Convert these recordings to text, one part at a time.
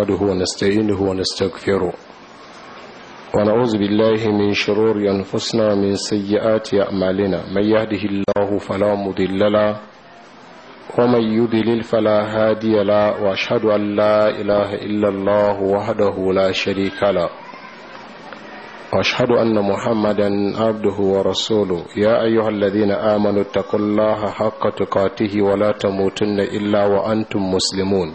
نحمده ونستعينه ونستغفره ونعوذ بالله من شرور أنفسنا من سيئات أعمالنا من يهده الله فلا مضل له ومن يضلل فلا هادي له وأشهد أن لا إله إلا الله وحده لا شريك له وأشهد أن محمدا عبده ورسوله يا أيها الذين آمنوا اتقوا الله حق تقاته ولا تموتن إلا وأنتم مسلمون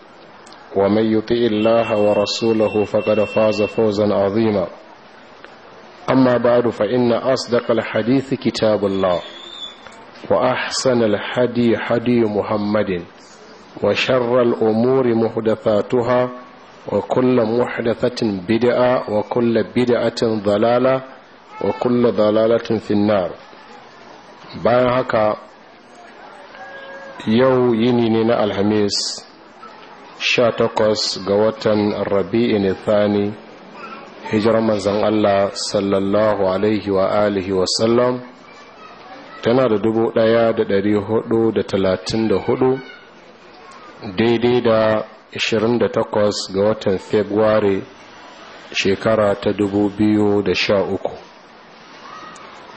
ومن يطع الله ورسوله فقد فاز فوزا عظيما أما بعد فإن أصدق الحديث كتاب الله وأحسن الحدي حدي محمد وشر الأمور محدثاتها وكل محدثة بدعة وكل بدعة ضلالة وكل ضلالة في النار bayan haka yau yini ne na alhamis 18 ga watan ne thani hijirar manzan Allah sallallahu alaihi wa alihi wasallam tana da hudu daidai da 28 ga watan februari shekara ta dubu biyu da sha uku.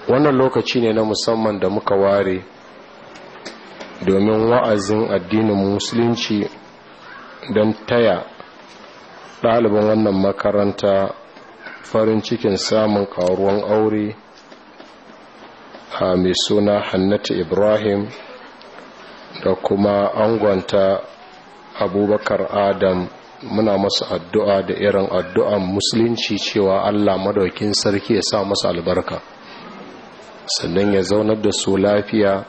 wannan lokaci ne na musamman da muka ware domin wa'azin addinin musulunci don taya ɗaliban wannan makaranta farin cikin samun ƙaruwan aure a mai suna hannatu ibrahim da kuma angonta abubakar adam muna masu addu'a da irin addu'an musulunci cewa allah madaukin sarki ya sa masu albarka sannan ya zaunar da su lafiya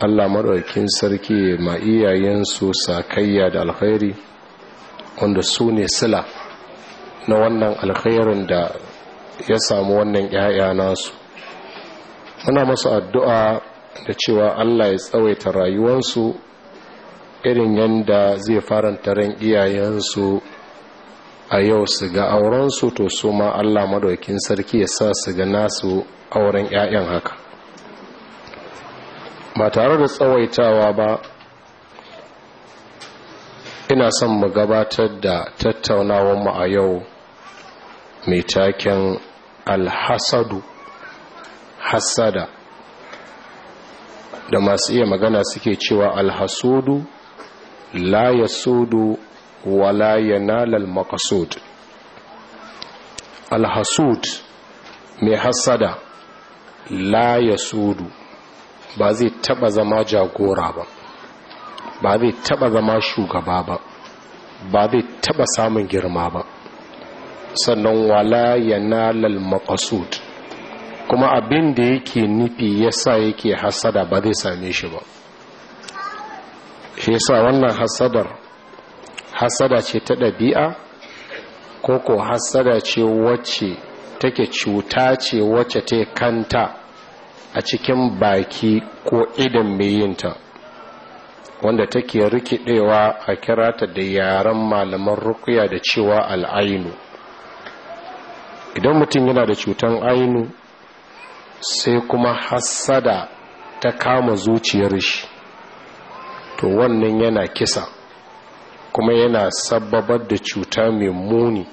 Allah maɗaukin sarki ma iyayensu sakayya da alkhairi wanda su ne sila na wannan alkhairin da ya samu wannan ‘ya'ya nasu muna masu addu'a da cewa Allah ya tsawaita rayuwansu irin yadda zai faranta ran iyayensu a yau su ga aurensu to su ma Allah maɗaukin sarki ya sa su ga nasu auren ‘ya'yan haka ba tare da tsawaitawa ba ina son mu gabatar da mu a yau mai taken alhasadu hasada da masu iya magana suke cewa alhasudu la ya sudu wa la ya nalal makasud alhasud mai hasada la ya sudu ba zai taba zama jagora ba ba zai taba zama shugaba ba ba zai taba samun girma ba sannan wala yana maqsud kuma abin da yake nufi yasa yake hasada ba zai same shi ba shi yasa wannan hasadar hasada ce ta ɗabi'a ko ko hasada ce wacce take cuta ce wacce ta kanta a cikin baki ko idan meyinta yinta wanda take rikidewa a kirata da yaren malaman rukuya da cewa al'ainu idan mutum yana da cutan ainu sai kuma hassada ta kama zuciyar shi to wannan yana kisa kuma yana sababar da cuta mai muni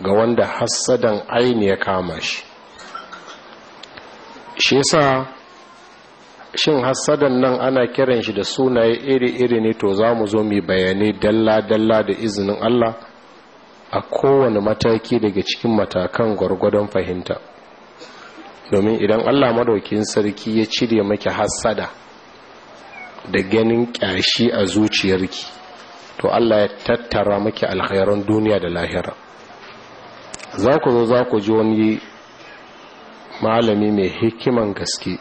ga wanda hassadan aini ya kama shi shi yasa shin hassadan nan ana kiran shi da sunaye iri-iri ne to za mu zo mai bayanai dalla-dalla da izinin Allah a kowane mataki daga cikin matakan gwargwadon fahimta domin idan Allah madaukin sarki ya cire maki hassada da ganin kyashi a zuciyarki to Allah ya tattara maki alkhairan duniya da lahira za ku zo za ku ji wani malami mai hikiman gaske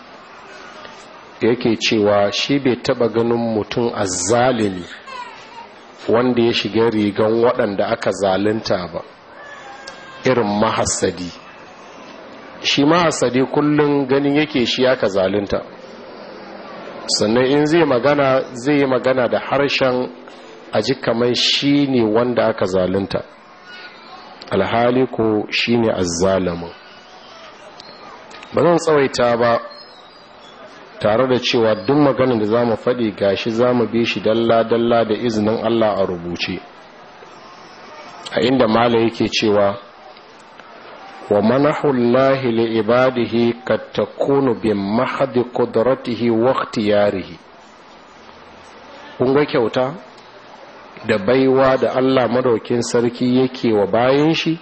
yake cewa shi bai taba ganin mutum azzalimi wanda ya shiga rigan waɗanda aka zalunta ba irin mahasadi shi mahasadi kullum ganin yake shi aka zalunta sannan in zai magana zai yi magana da harshen a ji kamar shi ne wanda aka zalunta alhali ko shi ne azzalamin ba zan tsawaita ba tare da cewa duk maganin da za mu faɗi gashi za mu bi shi dalla-dalla da izinin Allah a rubuce a inda mala yake cewa wa manahullahi li ibadihi kad takunu bi mahdi qudratihi wa kun ga kyauta da baiwa da Allah madaukin sarki yake wa bayan shi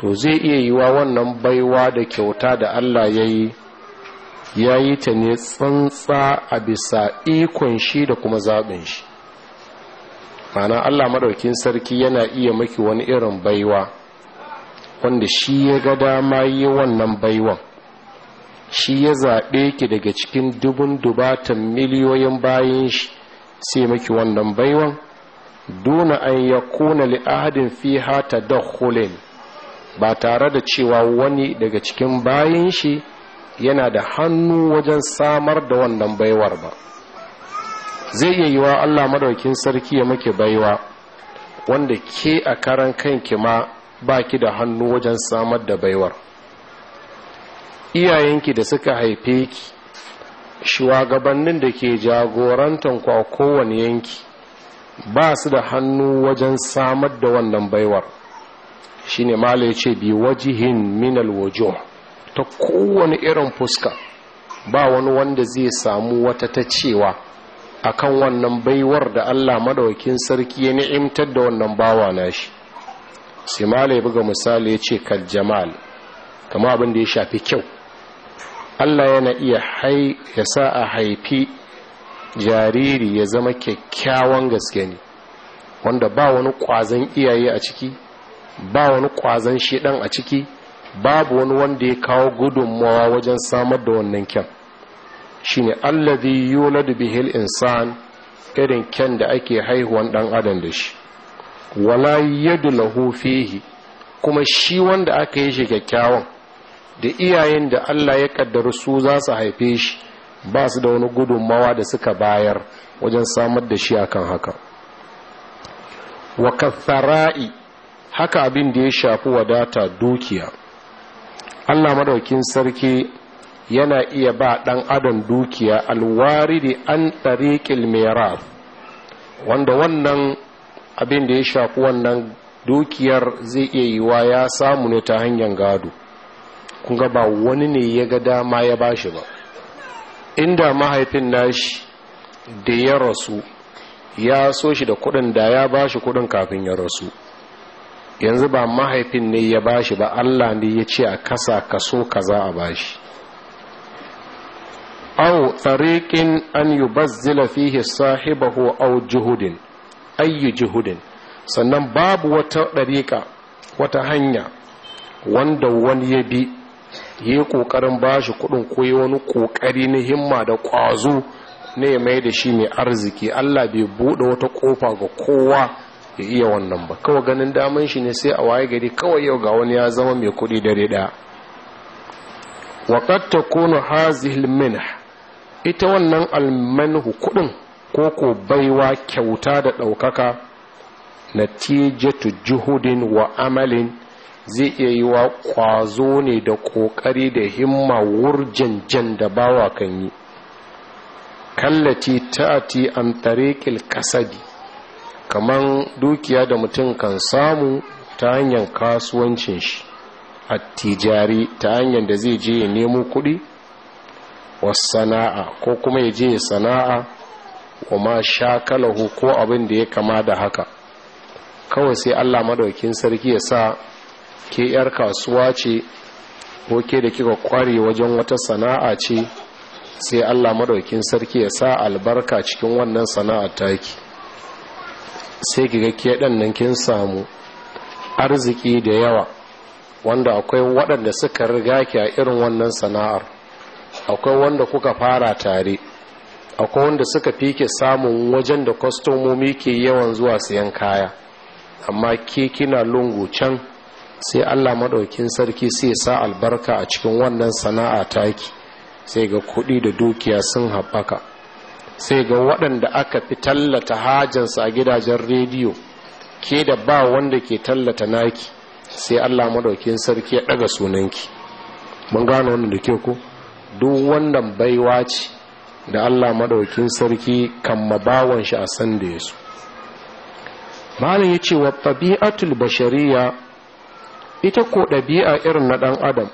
to zai iya yiwa wannan baiwa da kyauta da Allah ya yi ya yi ta ne tsantsa a bisa ikon shi da kuma zaɓin shi mana Allah maɗaukin sarki yana iya maki wani irin baiwa wanda shi ya ga dama yi wannan baiwan shi ya zaɓe ki daga cikin dubun dubatan miliyoyin bayan shi sai maki wannan baiwan duna an ya kuna li'adin fi hata da ba tare da cewa wani daga cikin bayan shi yana da hannu wajen samar da wannan baiwar ba zai iya yiwa Allah madaukin sarki ya muke baiwa wanda ke a karan kanki ma baki da hannu wajen samar da baiwar iyayenki da suka haife ki shugabannin da ke jagorantan ku a kowane yanki ba su da hannu wajen samar da wannan baiwar shine mala ya ce bi wajihin minal wajo ta kowane irin fuska ba wani wanda zai samu wata ta cewa akan wannan baiwar da Allah madawakin sarki ya ni'imtar da wannan bawa nashi sai mala ya buga misali ya ce kal jamal kama abin da ya shafi kyau Allah yana iya hai ya sa a haifi jariri ya zama kyakkyawan gaske ne wanda ba wani kwazon iyaye a ciki ba wani kwazon ɗan a ciki babu wani wanda ya kawo gudunmawa wajen samar da wannan kyan shine allazi yuladu bihil insan irin kyan da ake haihuwan dan adam da shi wala yadu lahu fihi kuma shi wanda aka yi shi kyakkyawan da iyayen da Allah ya kaddara su za su haife shi ba su da wani gudunmawa da suka bayar wajen samar da shi akan haka wa haka abin da ya shafi wadata dukiya Allah madaukin sarki yana iya ba dan adam dukiya alwaridi an tariqil miraf wanda wannan abin da ya shafi wannan dukiyar zai iya yi wa ya samu ne ta hanyar gado kun ba wani ne ya ga dama ya bashi ba inda mahaifin nashi da ya rasu ya so shi da kudin da ya bashi kudin kafin ya rasu yanzu ba mahaifin ne ya bashi ba Allah ne ya ce a kasa kaso kaza a bashi aw tariqin an yubazzila fihi sahibahu aw juhudin ayyu juhudin sannan babu wata dariƙa wata hanya wanda wani ya bi yi ƙoƙarin bashi kuɗin ko yi wani ƙoƙari na himma da ƙwazo ne mai da shi mai arziki Allah bai buɗe wata ƙofa ga kowa ya iya wannan ba kawai ganin daman shi ne sai a waye gari kawai yau ga wani ya zama mai kudi dare da waƙad ta kono hazihil minah ita wannan almanhu kuɗin ko ko baiwa kyauta da ɗaukaka natijatu juhudin wa amalin zai iya yi wa kwazo ne da ƙoƙari da himma wurjanjan da bawa kan yi kallati ta'ati an tariqil kasadi kaman dukiya da mutum kan samu ta hanyar kasuwancin shi a tijari ta hanyar da zai je ya nemo kuɗi sana'a ko kuma ya je ya sana'a wa ma shakalahu ko abin da ya kama da haka kawai sai allah madaukin sarki ya sa ke 'yar kasuwa ce ko ke da kika kware wajen wata sana'a ce sai allah madaukin sarki ya sa albarka cikin wannan sana'a taki sai ki ga ke nan kin samu arziki da yawa wanda akwai waɗanda suka riga ki a irin wannan sana'ar akwai wanda kuka fara tare akwai wanda suka fi ke samun wajen da kwastomomi ke yawan zuwa siyan kaya amma ke kina lungu can sai allah maɗaukin sarki sai sa albarka a cikin wannan sana'a taki sai ga kuɗi da dukiya sun haɓaka sai ga waɗanda aka fi tallata hajjansa a gidajen rediyo ke da ba wanda ke tallata naki sai allah maɗaukin sarki ya ɗaga sunanki mun gano wannan da ke ku duk wannan baiwa ce da allah maɗaukin sarki kan mabawan shi a san da yasu malam ya ce wa ɗabi'atul bashariya ita ko ɗabi'a irin na ɗan adam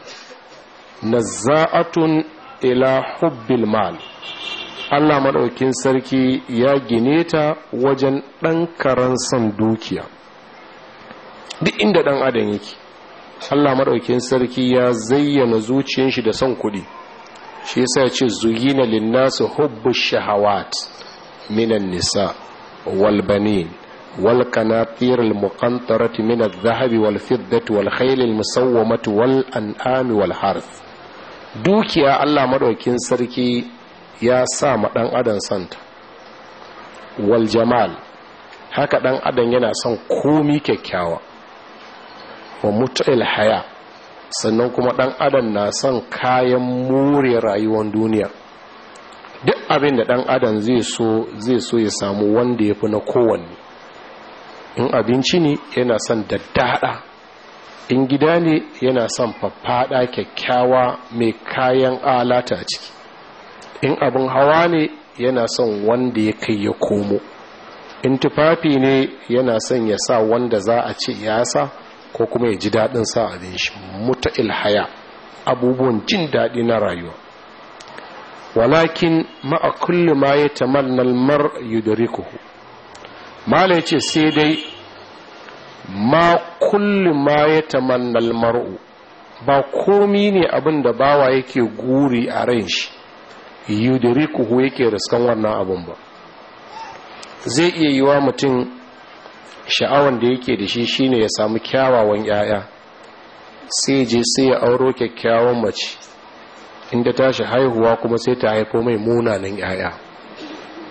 nazza'atun ila hubbil mal Allah maɗaukin sarki ya gine ta wajen ɗan karan son dukiya duk inda ɗan adam yake Allah maɗaukin sarki ya zayyana zuciyar shi da son kuɗi shi yasa ya ce zuyina linnasu hubbu shahawat minan nisa wal banin wal qanatir al muqantarati min al dhahabi wal fiddati wal khayl al musawwamati wal an'ami wal harth dukiya Allah maɗaukin sarki ya sa ma ɗan adam santa wal jamal haka ɗan adam yana son komi kyakkyawa wa mutu'il haya sannan kuma ɗan adam na son kayan more rayuwar duniya duk abin da ɗan adam zai so zai so ya samu wanda ya fi na kowanne in abinci ne yana son daddaɗa in gida ne yana son faffaɗa kyakkyawa mai kayan alata ciki in abin hawa ne yana son wanda ya kai ya komo in tufafi ne yana son ya sa wanda za a ce ya sa ko kuma ya ji daɗin sa abin shi muta ilhaya abubuwan jin daɗi na rayuwa walakin ma'a kulli ma ya tamannal mar yudrikuhu mala ce sai dai ma kulli ma ya tamannal mar'u ba komi ne abin da bawa yake guri a ran shi yudirikuhu yake riskan wannan abun ba zai iya yiwa mutum sha'awan da yake da shi shine ya samu kyawawan 'ya'ya sai je sai ya auro kyakkyawan mace inda tashi haihuwa kuma sai ta haifo mai munanan 'ya'ya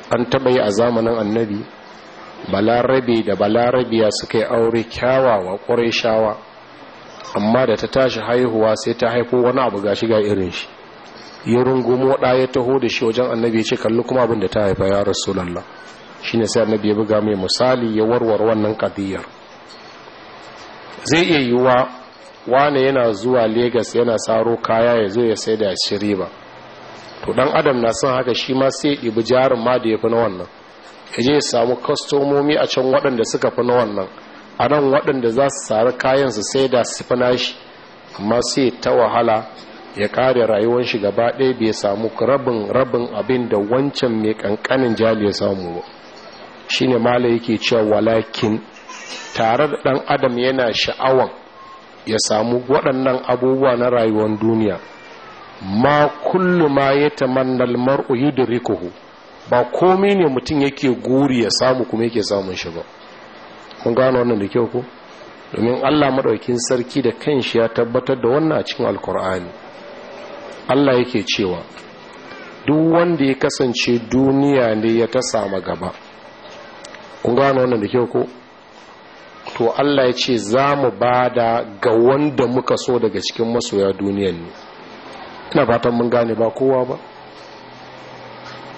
an taɓa yi a zamanin annabi balarabe da balarabiya suka yi aure kyawawa ƙwarai shawa amma da ta tashi haihuwa sai ta haifo wani abu gashi ga irin shi ya rungumo ɗa ya taho da shi wajen annabi ya ce kalli kuma abin da ta haifa ya rasulallah shi ne sai annabi ya buga mai misali ya warware wannan kadiyar zai iya yiwuwa wane yana zuwa Legas yana tsaro kaya ya zo ya sai da shi riba to dan adam na son haka shi ma sai ɗibi jarin ma da ya fi na wannan ya je ya samu kwastomomi a can waɗanda suka fi na wannan a nan waɗanda za su sari kayan su sai da su fi shi amma sai ta wahala ya kare rayuwar shi gaba ɗaya bai samu rabin rabin abin da wancan mai kankanin jali ya samu ba shine mala yake cewa walakin tare da ɗan adam yana sha'awan ya samu waɗannan abubuwa na rayuwar duniya ma kullu ma ya tamannal mar'u yudrikuhu ba komai ne mutum yake guri ya samu kuma yake samun shi ba kun gano wannan da kyau ko domin Allah maɗaukin sarki da kanshi ya tabbatar da wannan a cikin alkur'ani Allah yake cewa duk wanda ya kasance duniya ne ya ta sama gaba kun gano wannan da kyau ko to Allah ya ce za mu bada ga wanda muka so daga cikin masoya duniyan ne ina fatan mun gane ba kowa ba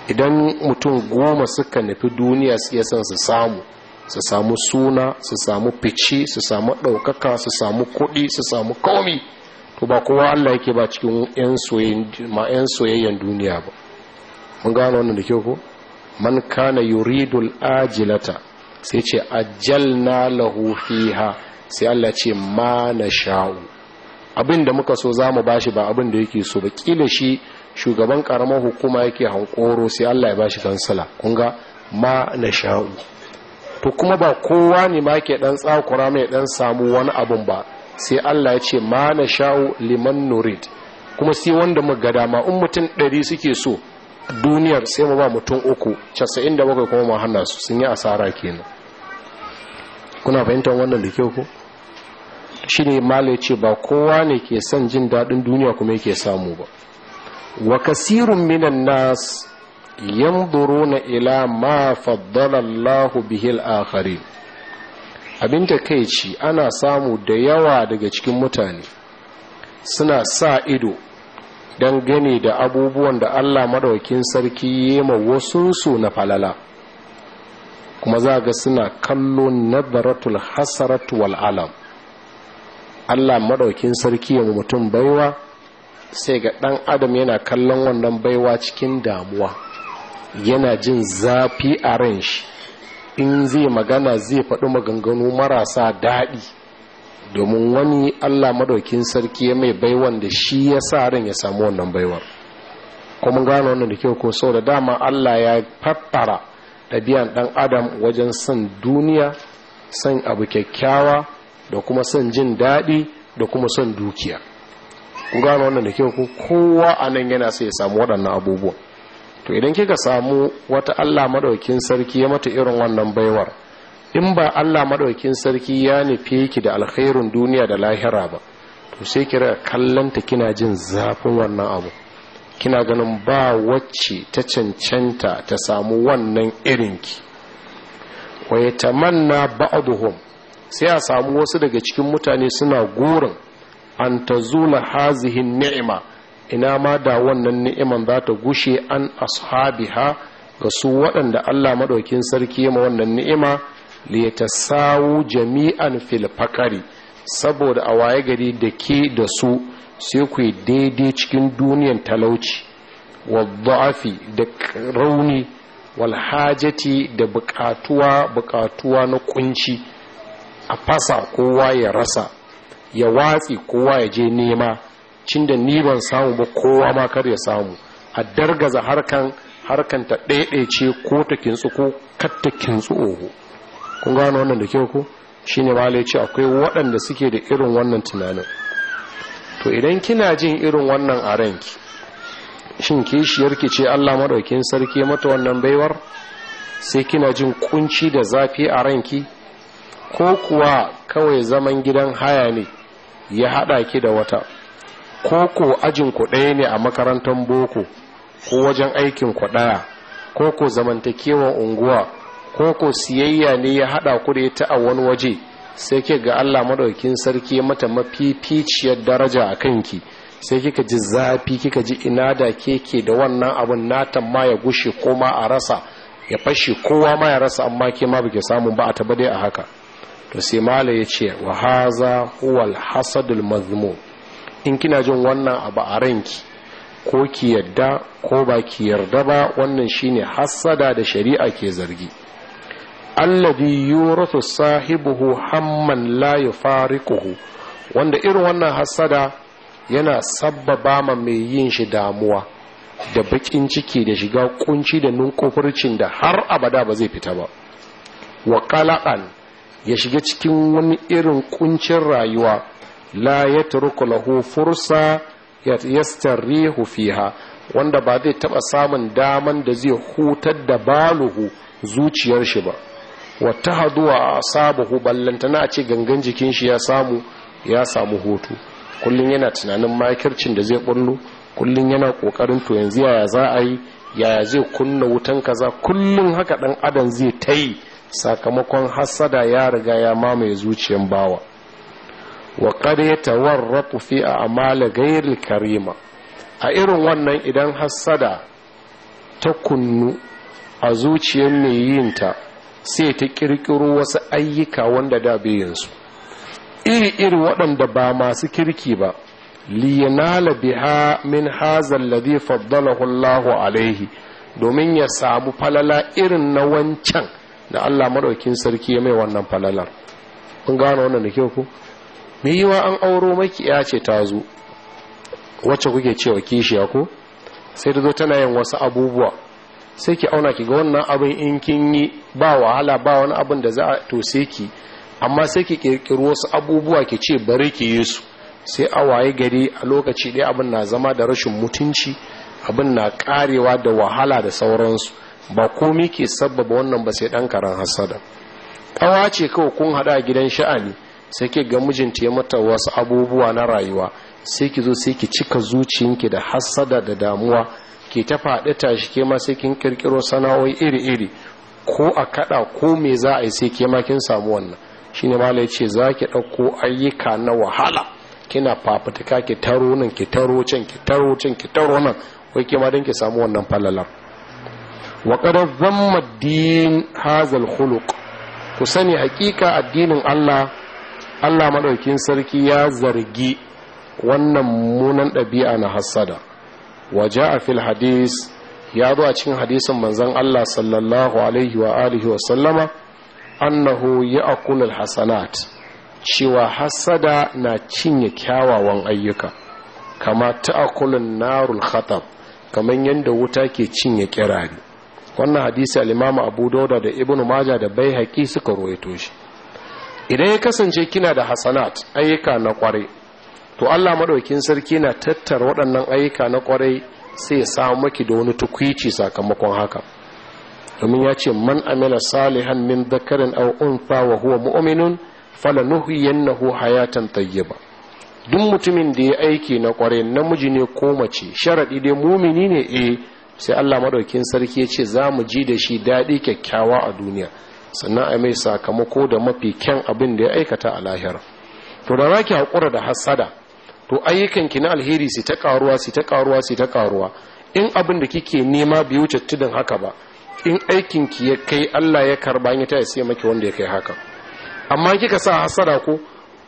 idan mutum goma suka nufi duniya su iya son su samu su samu suna su samu fice, su samu ɗaukaka su samu kuɗi su samu komi to ba kowa Allah yake ba cikin yan soyayyen duniya ba mun gano wannan da kyau ko man kana yuridul ajilata sai ce ajjalna lahu fiha sai Allah ce ma na sha'u. abin da muka so zamu bashi ba abin da yake so ba kila shi shugaban karamar hukuma yake hankoro sai Allah ya bashi kansala Kunga ga ma sha'u. to kuma ba kowa ne ma ke dan tsakura mai dan samu wani abun ba sai Allah ya ce ma na sha'u liman nurid kuma sai wanda mu dama in mutum ɗari suke so duniyar sai mu ba mutum uku casa'in da bakwai kuma mahanna su sun yi asara kenan kuna fahimtar wannan da kyau ko shi ne mala ya ce ba kowa ne ke son jin daɗin duniya kuma yake samu ba wa kasirun minan nas yanzuruna ila ma faddala Allahu bihil akharin abin takaici ana samu da yawa daga cikin mutane suna sa ido don gani da abubuwan da allah maɗaukin sarki yema wasunsu na falala kuma za ga suna kallo nazaratul hasarat wal alam allah maɗaukin sarki ya mutum baiwa sai ga ɗan adam yana kallon wannan baiwa cikin damuwa yana jin zafi a ran shi in zai magana zai faɗi maganganu marasa daɗi domin wani allah maɗaukin sarki ya mai baiwan da shi ya sa ran ya samu wannan baiwar kuma gano wannan da kyau ko sau da dama allah ya fattara ɗabi'an ɗan adam wajen son duniya son abu kyakkyawa da kuma son jin daɗi da kuma son dukiya kuma gano wannan da kyau ko kowa a yana sai ya samu waɗannan abubuwan to idan kika samu wata Allah madaukin sarki ya mata irin wannan baiwar in ba Allah madaukin sarki ya nufe ki da alkhairun duniya da lahira ba to sai ki kira kallanta kina jin zafin wannan abu kina ganin ba wacce ta cancanta ta samu wannan irin ki? wa yatamanna ba'dhum sai a samu wasu daga cikin mutane suna gurin an tazula hazihin ni'ima ina ma da wannan ni'iman za ta gushe an ashabiha ga su waɗanda Allah maɗaukin sarki ma wannan ni'ima sawu jami'an filfakari saboda a waye gari da ke da su sai ku yi daidai cikin duniyan talauci wadda'afi da rauni walhajati da bukatuwa bukatuwa na kunci a fasa kowa ya rasa ya watsi kowa ya je nema cin da ni ban samu ba kowa ma kar ya samu a dargaza harkan harkan ta ɗaiɗaice ko ta kintsu ko ta kintsu oho kun gano wannan da kyau ko shine malai ce akwai waɗanda suke da irin wannan tunanin to idan kina jin irin wannan a ranki shin kishiyarki ce Allah madaukin sarki mata wannan baiwar sai kina jin kunci da zafi a ranki ko kuwa kawai zaman gidan haya ne ya haɗa ki da wata ko ko ajin ku ɗaya ne a makarantar boko ko wajen aikin ku ɗaya ko ko zamantakewan unguwa ko ko siyayya ne ya haɗa ku da ita a wani waje sai ke ga Allah maɗaukin sarki mata mafificiyar daraja a kanki sai kika ji zafi kika ji ina da keke da wannan abun natan ma ya gushe ko ma a rasa ya fashe kowa ma ya rasa amma ke ma bike samun ba a taba dai a haka to sai mala ya ce wa haza huwal hasadul mazmum in kina jin wannan abu a ranki ko ki yadda ko ba ki yarda ba wannan shine hassada da shari'a ke zargi alladhi yurathu sahibuhu hamman la yufariquhu wanda irin wannan hassada yana sabbaba ma mai yin shi damuwa da bakin ciki da shiga kunci da nunkufurcin da har abada ba zai fita ba wa qalaqan ya shiga cikin wani irin kuncin rayuwa la yatruku lahu fursa yastarrihu fiha wanda ba zai taba samun daman da zai hutar da baluhu zuciyar shi ba wata haduwa a sabahu ballantana a ce gangan jikin shi ya samu ya samu hutu kullum yana tunanin makircin da zai bullo kullum yana kokarin to yanzu yaya za a yi yaya zai kunna wutan kaza kullum haka dan adam zai ta yi sakamakon hasada ya riga ya mamaye zuciyan bawa wa qad yatawarraqu a amala gairi karima a irin wannan idan hassada ta kunnu a zuciyar mai yinta sai ta kirkiro wasu ayyuka wanda da bayansu iri-iri waɗanda ba masu kirki ba liyanala biha min hazal ladhi faddalahu Allahu alaihi domin ya samu falala irin na wancan da Allah madaukin sarki ya mai wannan falalar kun gano wannan da kyau ku. mai yiwa an auro maki ya ce ta zo wacce kuke cewa kishiya ko sai da zo tana yin wasu abubuwa sai ki auna ki ga wannan abin in kin yi ba wahala ba wani abin da za a to sai ki amma sai ki kirkiri wasu abubuwa ki ce bari ki yi su sai a waye gari a lokaci ɗaya abin na zama da rashin mutunci abin na karewa da wahala da sauransu ba komi ke sabbaba wannan ba sai ɗan karan hasada ƙawa ce kawai kun haɗa gidan sha'ani sai ke ga mijinta ya mata wasu abubuwa na rayuwa sai ki zo sai ki cika zuciyanki da hassada da damuwa ke ta faɗi tashi ke ma sai kin kirkiro sana'o'i iri-iri ko a kaɗa ko me za a yi sai ke ma kin samu wannan shine mala ya ce za ki ɗauko ayyuka na wahala kina fafutuka ki taro nan ki taro can ki taro can ki taro nan wai ke ma don ki samu wannan falala wa qad zamma din hazal khuluq ku sani hakika addinin Allah allah maɗaukin sarki ya zargi wannan munan ɗabi'a na hassada waje a fil hadis ya zo a cikin hadisin manzan allah sallallahu alaihi wa alihi wa sallama annahu ya akulul hasanat cewa hassada na cinye kyawawan ayyuka kama ta akulun narul khatab kamar yadda wuta ke cinye kirari wannan hadisi al abu dauda da ibnu maja da bai haƙi suka ruwaito shi idan ya kasance kina da hasanat ayyuka na kwarai to Allah madaukin sarki na tattara waɗannan ayyuka na kwarai sai ya samu maki da wani tukwici sakamakon haka domin ya ce man amila salihan min dhakarin aw untha wa huwa mu'minun falanuhyiyannahu hayatan tayyiba duk mutumin da ya aiki na kwarai namiji ne ko mace sharadi dai mumini ne eh sai Allah madaukin sarki ya ce za mu ji da shi daɗi kyakkyawa a duniya sannan a mai sakamako da mafi kyan abin da ya aikata a lahira to da za ki haƙura da hasada to ayyukanki na alheri su ta ƙaruwa su ta ƙaruwa su ta ƙaruwa in abin da kike nema bai wuce tudun haka ba in aikinki ya kai Allah ya karba ya ta sai maki wanda ya kai haka amma kika sa hasada ko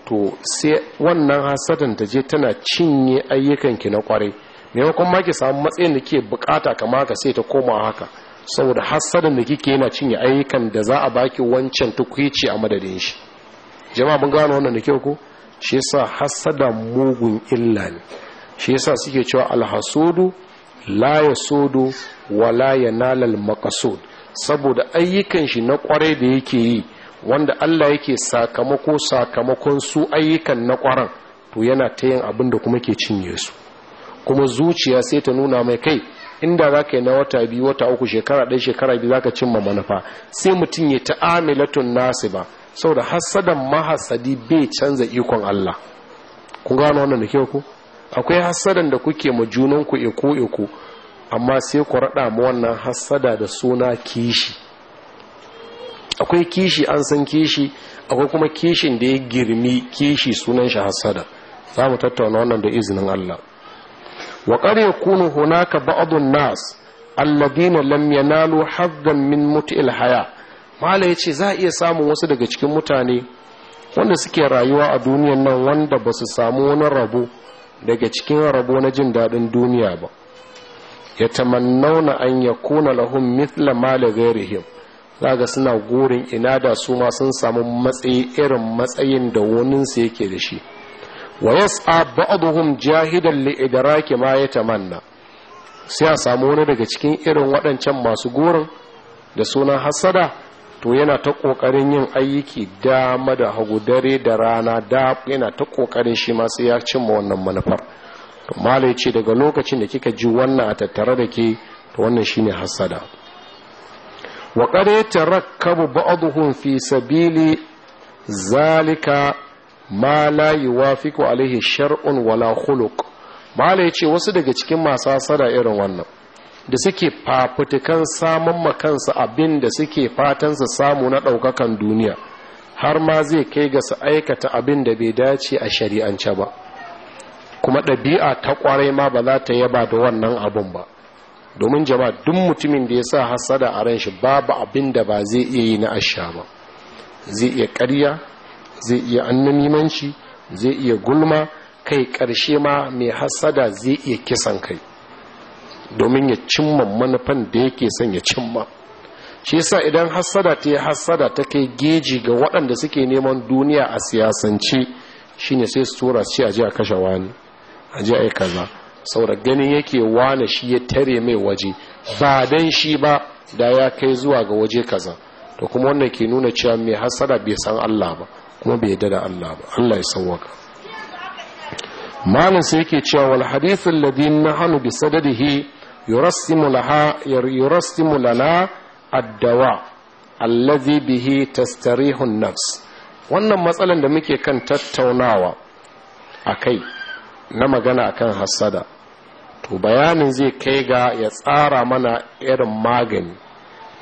to sai wannan hasadan ta je tana cinye ayyukanki na kwarai maimakon ma ki samu matsayin da ke bukata kama ka sai ta koma haka saboda hassadan da kike yana cinye ayyukan da za a baki wancan tukwici a madadin shi jama'a mun gano wannan da kyau ko shi yasa hasada mugun illa ne shi yasa suke cewa alhasudu la yasudu wa la yanal almaqsud saboda ayyukan shi na kware da yake yi wanda Allah yake sakamako sakamakon su ayyukan na kwaran to yana ta yin abin da kuma ke cinye su kuma zuciya sai ta nuna mai kai inda za ka yi na wata biyu wata uku shekara ɗaya shekara biyu za ka cimma manufa sai mutum ya ta'amilatun nasu ba saboda hasadan mahasadi bai canza ikon Allah ku gano wannan da ke ku akwai hasadan da kuke ma junanku eko eko amma sai ku raɗa ma wannan hasada da suna kishi akwai kishi an san kishi akwai kuma kishin da ya girmi kishi sunan shi hasada. za mu tattauna wannan da izinin Allah وقد يكون yakunu hunaka الناس الذين لم ينالوا حظا من متع min ما لا mala yace za iya samun wasu daga cikin mutane wanda suke rayuwa a duniyan nan wanda ba su samu wani rabo daga cikin rabo na jin daɗin duniya ba ya tamannauna an ya kuna lahun mithla mali ghairihim zaga suna gurin ina da su ma sun samu matsayi irin matsayin da su yake da shi ويسعى بعضهم جاهدا jahidan ما يتمنى ma sai a samu wani daga cikin irin waɗancan masu gurin da sunan hasada to yana ta kokarin yin ayyuki dama da hagu dare da rana da yana ta kokarin shi ma sai ya cimma wannan manufar to malai ce daga lokacin da kika ji wannan a tattare da ke to wannan shine hasada wa qad yatarakkabu ba'dhum fi sabili zalika ma la yuwafiqu alaihi shar'un wala khuluq mala yace wasu daga cikin masu hasada irin wannan da suke fafutukan samun makansu abin da suke fatan su samu na ɗaukakan duniya har ma zai kai ga su aikata abin da bai dace a shari'ance ba kuma ɗabi'a ta kwarai ma ba za ta yaba da wannan abin ba domin jama'a duk mutumin da ya sa hasada a ran shi babu abin da ba zai iya yi na asha ba zai iya ƙarya zai iya annamimanci zai iya gulma kai ƙarshe ma mai hasada zai iya kisan kai domin ya cimma manufan da yake son ya cimma shi yasa idan hasada ta yi hasada ta kai geji ga waɗanda suke neman duniya a siyasance shine sai su tura su a ji a kashe wani a ji a yi kaza saura ganin yake wane shi ya tare mai waje ba dan shi ba da ya kai zuwa ga waje kaza to kuma wannan ke nuna cewa mai hasada bai san Allah ba kuma bai yadda da Allah ba Allah ya sauwaka malin sai yake cewa wal hadithul ladin na hannu bi sadadihi yurassimu laha yurassimu lana addawa allazi bihi an nafs wannan matsalan da muke kan tattaunawa a kai na magana akan hasada to bayanin zai kai ga ya tsara mana irin magani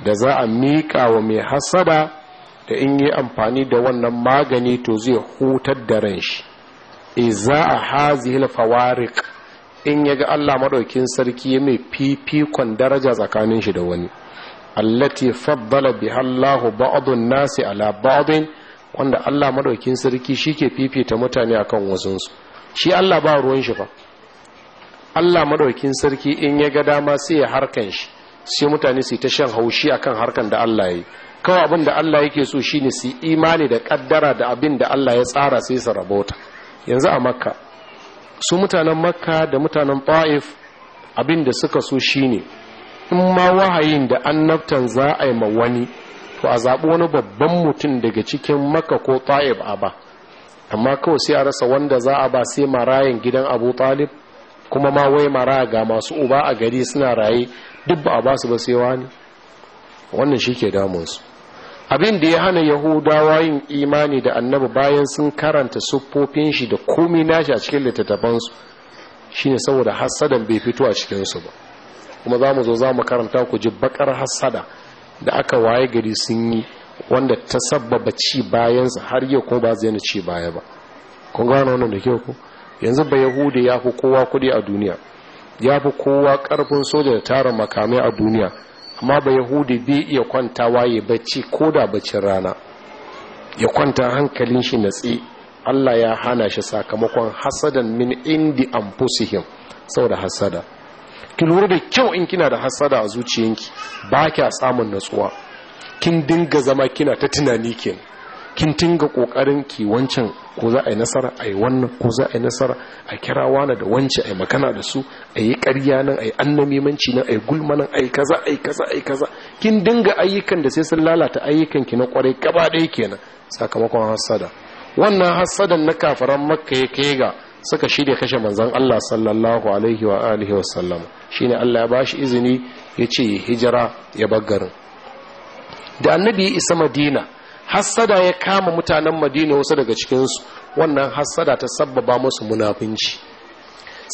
da za a miƙa wa mai hasada. da in yi amfani da wannan magani to zai hutar da ran shi iza a hazihil fawarik in yaga Allah maɗaukin sarki ya mai fifikon daraja tsakanin shi da wani allati faddala biha Allah ba'dun nasi ala ba'din wanda Allah maɗaukin sarki shike fifita mutane akan wasunsu shi Allah ba ruwan shi fa Allah maɗaukin sarki in yaga dama sai ya harkan shi sai mutane su ta shan haushi akan harkan da Allah yi kawai abin da Allah yake so shi ne su imani da kaddara da abin da Allah ya tsara sai su rabota yanzu a makka su mutanen makka da mutanen ta'if abin da suka so shi ne in ma wahayin da an naftan za a yi ma wani to a zaɓi wani babban mutum daga cikin makka ko ta'if a ba amma kawai sai a rasa wanda za a ba sai marayan gidan abu talib kuma ma wai mara ga masu uba a gari suna raye duk ba a ba su ba sai wani wannan shi ke damunsu abin da ya hana yahudawa yin imani da annabi bayan sun karanta siffofin shi da komi nashi a cikin littattafansu shine saboda hassadan bai fito a cikinsu ba kuma za mu zo za mu karanta ku ji bakar hassada da aka waye gari sun yi wanda ta sabbaba ci bayansa har yau ko ba zai ci baya ba kun gano wannan da kyau ku yanzu ba yahudi ya fi kowa kudi a duniya ya fi kowa karfin soja da tara makamai a duniya amma ba yahudi bai iya kwantawa ya bacci ko da baccin rana ya kwanta hankalin shi natsi Allah ya hana shi sakamakon hasadan min indi anfusihim saboda hasada ki lura da kyau in kina da hasada a zuciyanki ba kya samun natsuwa kin dinga zama kina ta tunani kenan kin tinga kokarin ki wancan ko za a yi nasara a yi wannan ko za a yi nasara a kira wani da wancan a yi makana da su a yi ƙarya nan a yi annamimanci nan a yi gulma nan a yi kaza a yi kaza a yi kaza kin dinga ayyukan da sai sun lalata ayyukan ki na kwarai gaba ɗaya kenan sakamakon hassada wannan hassadan na kafaran makka ya kai ga suka shirya kashe manzon Allah sallallahu alaihi wa alihi wa sallam shine Allah ya bashi izini ya ce hijira ya bar garin da annabi ya isa madina hassada ya kama mutanen madina wasu daga cikinsu wannan hassada ta sabbaba musu munafinci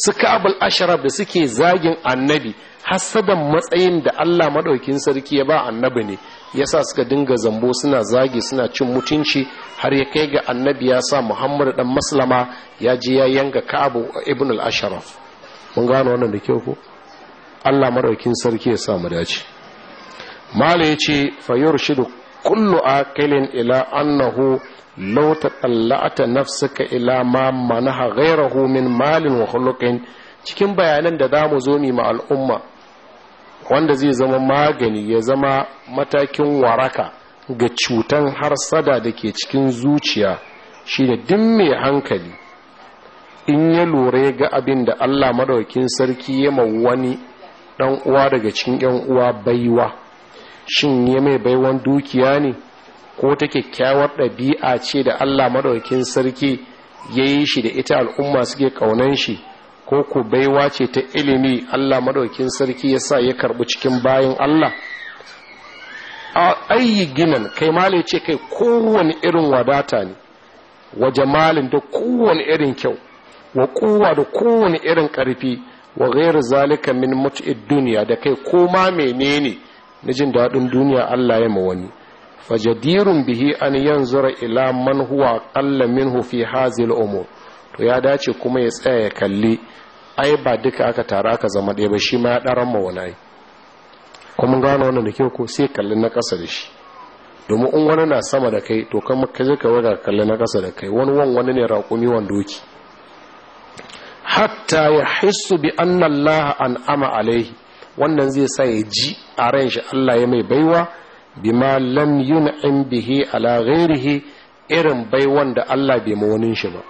su abul ashirar da suke zagin annabi hassadan matsayin da allah maɗaukin sarki ya ba annabi ne ya sa suka dinga zambo suna zagi suna cin mutunci har ya kai ga annabi ya sa muhammadu dan maslama ya je ya yanka kabu ibn al-asharaf mun gano wannan da kyau ko allah maɗaukin sarki ya sa mu dace mala ya ce shi shidu kullu akilin ila annahu law tatalla'ata nafsaka ila ma manaha ghayrahu min malin wa cikin bayanan da zamu zo mi ma al'umma wanda zai zama magani ya zama matakin waraka ga cutan harsada da ke cikin zuciya shine duk mai hankali in ya lura ya ga abin da Allah madaukin sarki ya ma wani dan uwa daga cikin yan uwa baiwa shin ya mai baiwan dukiya ne ko ta kyakkyawar ɗabi'a ce da allah maɗaukin sarki ya yi shi da ita al'umma suke ƙaunan shi ko ku baiwa ce ta ilimi allah maɗaukin sarki ya sa ya karɓi cikin bayan allah a ayi ginan kai male ce kai kowane irin wadata ne wa jamalin da kowane irin kyau wa kowa da kowane irin ƙarfi wa gairu zalika min mutu'id duniya da kai koma menene na jin daɗin duniya Allah ya ma wani fajadirun bihi an yanzura ila man huwa qalla minhu fi hazil umur to ya dace kuma ya tsaya ya kalli ai ba duka aka tara aka zama ɗaya ba shi ma ya ɗaran ma wani ai kuma gano wannan da kyau ko sai kalli na ƙasa da shi domin in wani na sama da kai to kan ka je ka waga kalli na ƙasa da kai wani wan wani ne raƙumi wan doki hatta ya hissu bi annallaha an an'ama alaihi wannan zai sa ya ji a ran shi Allah ya mai baiwa bima lam yun'im bihi ala ghairihi irin baiwan da Allah bai ma wani shi ba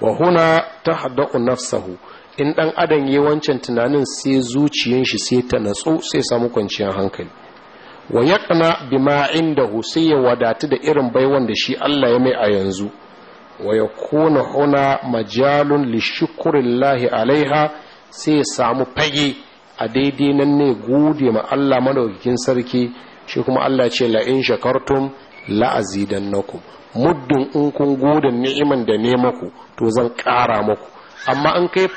wa huna tahda'u nafsahu in dan adam yayi wancan tunanin sai zuciyar shi sai ta natsu sai samu kwanciyar hankali wa yaqna bima indahu sai ya wadatu da irin baiwan da shi Allah ya mai a yanzu wa yakuna huna majalun li shukrillahi alaiha sai ya samu fage a daidai nan ne gode ma Allah madaukakin sarki shi kuma Allah ce la in shakartum la azidannakum muddin in kun gode ni'iman da ne maku to zan ƙara maku amma an kai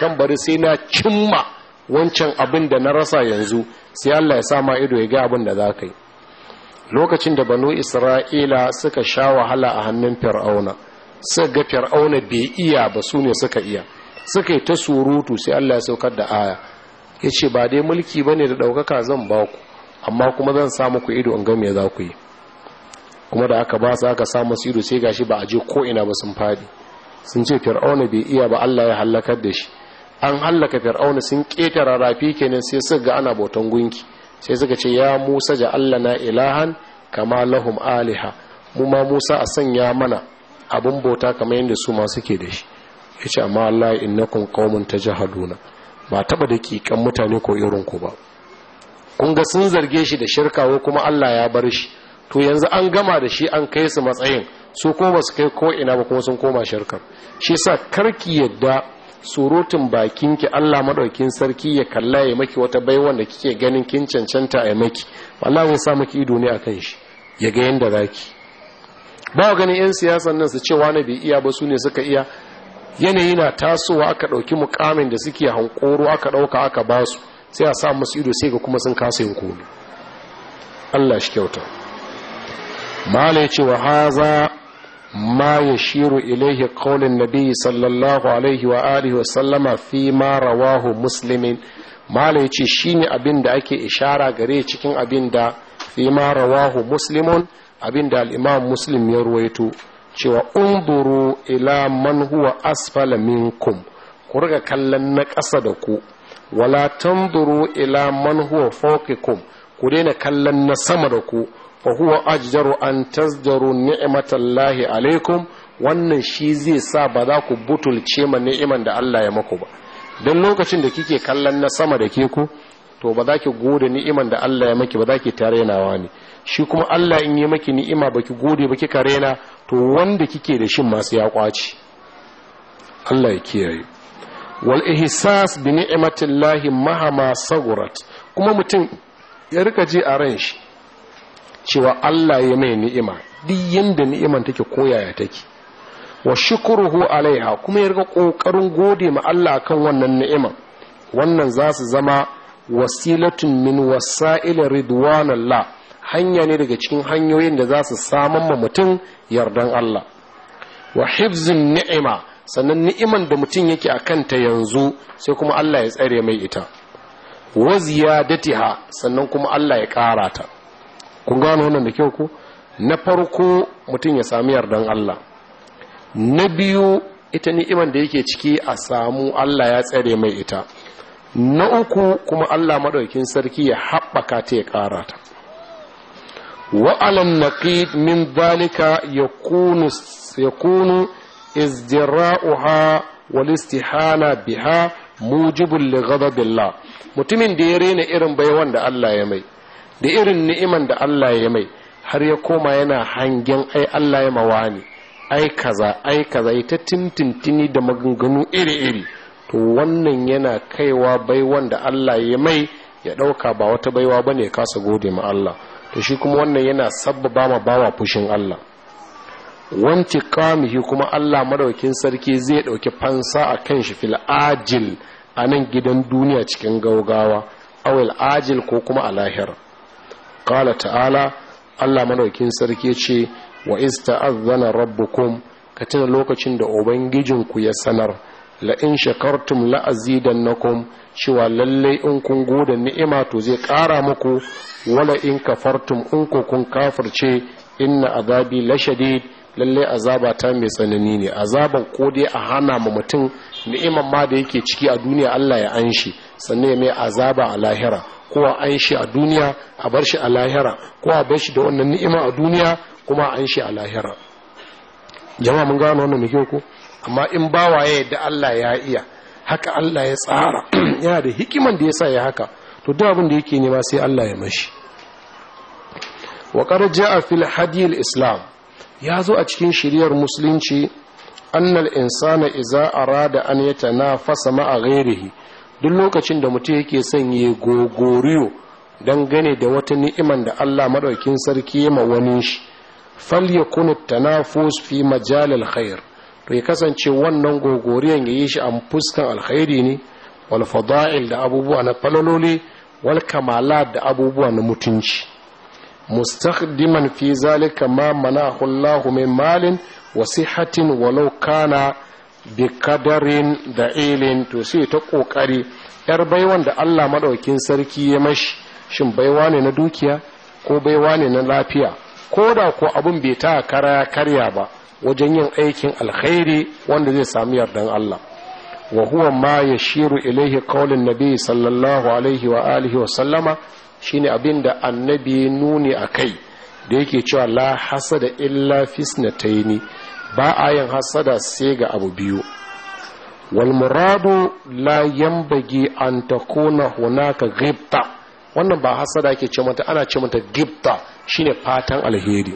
kan bari sai na cimma wancan abin da na rasa yanzu sai Allah ya sa ma ido ya ga abin da za ka yi lokacin da banu isra'ila suka sha wahala a hannun fir'auna suka ga fir'auna bai iya ba su ne suka iya suka yi ta surutu sai Allah ya saukar da aya ya ce ba dai mulki ba ne da ɗaukaka zan ba ku amma kuma zan samu ku ido in ga me za ku yi kuma da aka ba su aka sa su ido sai gashi ba a je ko ina ba sun fadi sun ce fir'auna bai iya ba Allah ya hallakar da shi an hallaka fir'auna sun keta rafi kenan sai suka ga ana bautan gunki sai suka ce ya Musa ja Allah na ilahan kama lahum aliha mu ma Musa a sanya mana abin bauta kamar yadda su ma suke da shi yace amma Allah innakum qaumun tajahaduna ba taba da kan mutane ko irin ku ba kun ga sun zarge shi da shirkawa kuma Allah ya bar shi to yanzu an gama da shi an kai su matsayin su ko ba su kai ko ina ba kuma sun koma shirkar shi sa karki yadda surutun bakin ki Allah maɗaukin sarki ya kalla ya maki wata baiwan da kike ganin kin cancanta a maki allah zai sa maki ido ne akan shi ya ga yanda zaki ba ganin yan siyasan nan su ce wani bai iya ba su ne suka iya yanayi na tasowa aka ɗauki mukamin da suke hankoro aka ɗauka aka ba su sai a sa musu ido sai ga kuma sun kasa yin komi Allah shi kyauta mala ya ce wa haza ma ya shiru ilaihi kaunin nabi sallallahu alaihi wa alihi wa sallama fi ma rawahu muslimin mala ya ce shi ne abin da ake ishara gare cikin abin da fi ma rawahu muslimun abin da al'imam muslim ya ruwaito cewa unduru ila man huwa asfala minkum ku riga kallon na ƙasa da ku wala tanduru ila man huwa fawqikum ku daina kallon na sama da ku fa huwa ajdaru an tazdaru ni'matallahi alaikum wannan shi zai sa ba za ku butulce ma ni'iman da Allah ya maku ba dan lokacin da kike kallon na sama da ke ku to ba za ki gode ni'iman da Allah ya maki ba za ki tare tarainawa ne shi kuma Allah in yi maki ni'ima baki gode baki karena to wanda kike da shi masu ya kwaci Allah ya kiyaye wal ihsas bi ni'matillahi mahama sagurat kuma mutum ya rika ji a ran shi cewa Allah ya mai ni'ima duk yanda ni'iman take koyaya take wa shukruhu alaiha kuma ya rika kokarin gode ma Allah kan wannan ni'iman wannan za su zama wasilatun min wasa'il ridwanallah hanya ne daga cikin hanyoyin da za su saman ma mutum yardan Allah wa hifzin ni'ima sannan ni'iman da mutum yake a kanta yanzu sai kuma Allah ya tsare mai ita wa ziyadatiha sannan kuma Allah ya ƙara ta kun gano wannan da kyau ko na farko mutum ya sami yardan Allah na biyu ita ni'iman da yake ciki a samu Allah ya tsare mai ita na uku kuma Allah maɗaukin sarki ya haɓaka ta ya ƙara ta وعلى النقيض من ذلك يكون يكون ازدراؤها والاستحالة بها موجب لغضب الله mutumin da ya raina irin baiwan da Allah ya mai da irin ni'iman da Allah ya mai har ya koma yana hangen ai Allah ya mawa ai kaza ai kaza ita tintintini da maganganu iri-iri to wannan yana kaiwa baiwan da Allah ya mai ya ɗauka ba wata baiwa bane ya kasa gode ma Allah to shi kuma wannan yana sabbaba ma bawa fushin Allah wanti kamihi kuma Allah madaukin sarki zai dauki fansa a kan shi fil ajil a nan gidan duniya cikin gaugawa awil ajil ko kuma a lahira kala ta'ala Allah madaukin sarki ce wa ista'azzana rabbukum ka tuna lokacin da ubangijinku ya sanar la in shakartum la azidannakum cewa lalle in kun gode ni'ima to zai ƙara muku wala in kafartum in ko kun kafirce inna azabi la shadid lalle azaba ta mai tsanani ne azaban ko dai a hana ma mutum ni'iman ma da yake ciki a duniya Allah ya anshi sannan ya mai azaba a lahira ko a anshi a duniya a bar shi a lahira ko a bar shi da wannan ni'ima a duniya kuma a anshi a lahira jama'a mun gano wannan muke ko amma in bawa ya yadda Allah ya iya haka Allah ya tsara yana da hikiman da ya sa ya haka to duk abin da yake nema sai Allah ya mashi wa qad jaa fil islam ya zo a cikin shiriyar musulunci annal insana iza arada an yatanafasa ma'a ghairihi duk lokacin da mutum yake son ya gogoriyo don gane da wata ni'iman da Allah maɗaukin sarki ma wani shi fal yakunu tanafus fi majalil khair to ya kasance wannan gogoriyan ya yi shi a fuskan alkhairi ne wal fada'il da abubuwa na falaloli wal kamalat da abubuwa na mutunci mustaqdiman fi zalika ma manahu Allah min malin wa sihhatin walau kana bi kadarin da ilin to sai ta kokari yar baiwan da Allah maɗaukin sarki ya mashi shin baiwa ne na dukiya ko baiwa ne na lafiya ko da ko abun bai ta kara karya ba wajen yin aikin alkhairi wanda zai sami yardan Allah wa huwa ma yashiru ilaihi qaulun nabiy sallallahu alaihi wa alihi wa sallama shine abinda annabi nuni akai da yake cewa la hasada illa fisnataini ba a yin hasada sai ga abu biyu wal muradu la yambagi an takuna hunaka ghibta wannan ba hasada ke ce mata ana ce mata gibta shine fatan alheri